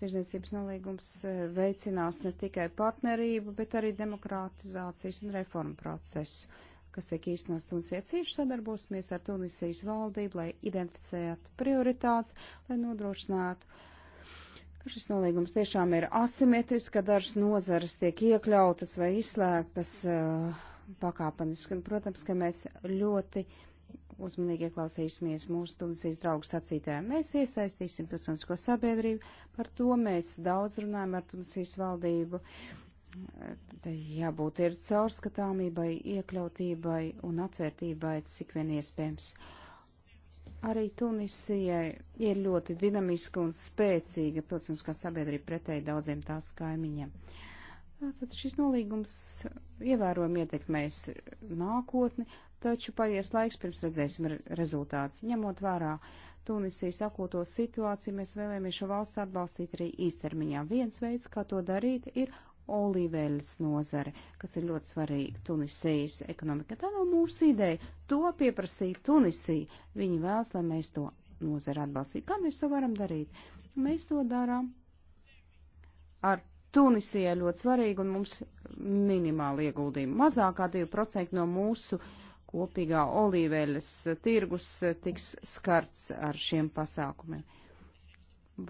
tirzniecības nolīgums eh, veicinās ne tikai partnerību, bet arī demokratizācijas un reformu procesu kas tiek īstenos Tunisijā. Cieši sadarbosimies ar Tunisijas valdību, lai identificētu prioritātes, lai nodrošinātu, ka šis nolīgums tiešām ir asimetrisks, ka dažas nozares tiek iekļautas vai izslēgtas uh, pakāpeniski. Un, protams, ka mēs ļoti uzmanīgi ieklausīsimies mūsu Tunisijas draugu sacītājiem. Mēs iesaistīsim pilsonisko sabiedrību, par to mēs daudz runājam ar Tunisijas valdību jābūt ir caurskatāmībai, iekļautībai un atvērtībai, cik vien iespējams. Arī Tunisijai ir ļoti dinamiska un spēcīga pilsoniskā sabiedrība pretēji daudziem tās kaimiņiem. Tad šis nolīgums ievērojami ietekmēs nākotni, taču paies laiks pirms redzēsim rezultāts. Ņemot vērā Tunisijas akūto situāciju, mēs vēlēmies šo valsts atbalstīt arī īstermiņā. Viens veids, kā to darīt, ir olīveļas nozare, kas ir ļoti svarīga Tunisijas ekonomika. Tā nav mūsu ideja. To pieprasīja Tunisija. Viņi vēlas, lai mēs to nozari atbalstītu. Kā mēs to varam darīt? Mēs to darām ar Tunisijai ļoti svarīgu un mums minimāli ieguldījumu. Mazākā 2% no mūsu kopīgā olīveļas tirgus tiks skarts ar šiem pasākumiem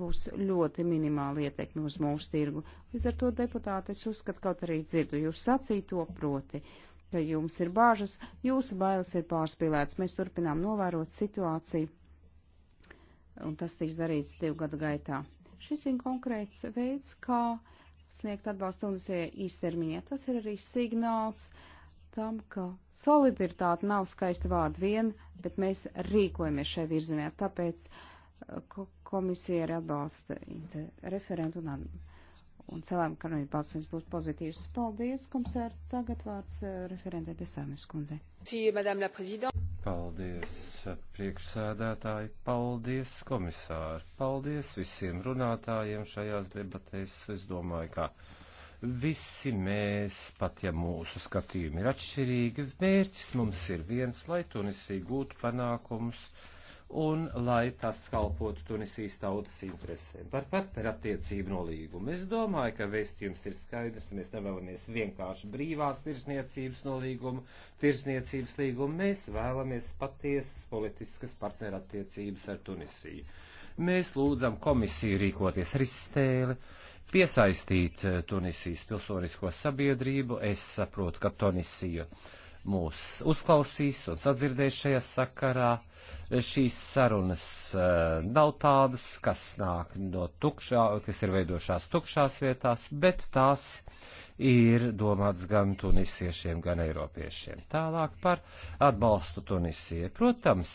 būs ļoti minimāli ietekmi uz mūsu tirgu. Līdz ar to deputāti es uzskatu, kaut arī dzirdu jūs sacīto proti, ka jums ir bāžas, jūsu bailes ir pārspīlētas. Mēs turpinām novērot situāciju, un tas tiks darīts divu gadu gaitā. Šis ir konkrēts veids, kā sniegt atbalstu Tunisijai īstermiņā. Tas ir arī signāls tam, ka solidaritāte nav skaista vārda vien, bet mēs rīkojamies šai virzienā. Tāpēc Komisija ir atbalsta referentu un, un celēm, ka viņa balsojums būtu pozitīvs. Paldies, komisār. Tagad vārds eh, referentē Desānes kundze. Paldies, priekšsēdētāji. Paldies, komisāri. Paldies visiem runātājiem šajās debatēs. Es domāju, ka visi mēs, pat ja mūsu skatījumi ir atšķirīgi, mērķis mums ir viens, lai Tunisija gūtu panākumus un lai tas kalpotu Tunisijas tautas interesēm. Par partnerattiecību nolīgumu. Es domāju, ka vēstījums ir skaidrs. Mēs nevēlamies vienkārši brīvās tirsniecības nolīgumu, tirsniecības līgumu. Mēs vēlamies patiesas politiskas partnerattiecības ar Tunisiju. Mēs lūdzam komisiju rīkoties ristēli piesaistīt eh, Tunisijas pilsonisko sabiedrību. Es saprotu, ka Tunisija uh, mūs uzklausīs un sadzirdēs šajā sakarā. Šīs sarunas eh, nav tādas, kas nāk no tukšā, kas ir veidošās tukšās vietās, bet tās ir domāts gan tunisiešiem, gan eiropiešiem. Tālāk par atbalstu Tunisijai. Protams,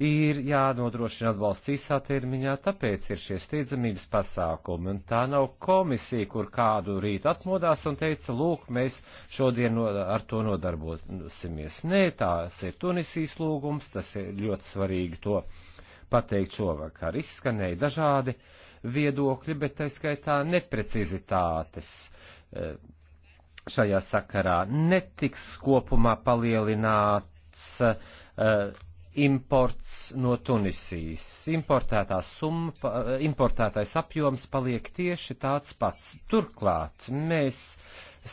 ir jānodrošina atbalsts īsā termiņā, tāpēc ir šie steidzamības pasākumi, un tā nav komisija, kur kādu rīt atmodās un teica, lūk, mēs šodien no, ar to nodarbosimies. Nē, tās ir Tunisijas lūgums, tas ir ļoti svarīgi to pateikt šovakar. Izskanēja dažādi viedokļi, bet tā skaitā neprecizitātes Eh, šajā sakarā. Netiks kopumā palielināts eh, imports no Tunisijas. Importētā summa, eh, importētais apjoms paliek tieši tāds pats. Turklāt mēs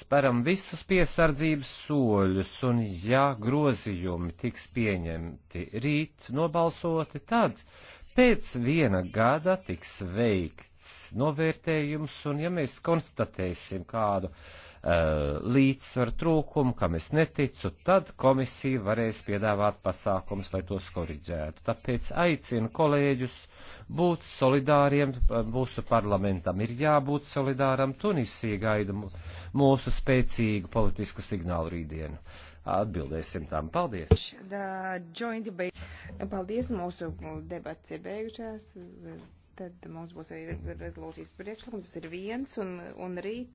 speram visus piesardzības soļus, un ja grozījumi tiks pieņemti rīt nobalsoti, tad pēc viena gada tiks veikt veikts novērtējums, un ja mēs konstatēsim kādu uh, līdzsvaru trūkumu, kam es neticu, tad komisija varēs piedāvāt pasākums, lai tos koriģētu. Tāpēc aicinu kolēģus būt solidāriem, mūsu parlamentam ir jābūt solidāram, Tunisija gaida mūsu spēcīgu politisku signālu rītdienu. Atbildēsim tām. Paldies! Paldies, mūsu debats ir beigušās tad mums būs arī rezolūcijas priekšlikums, tas ir viens, un, un rīt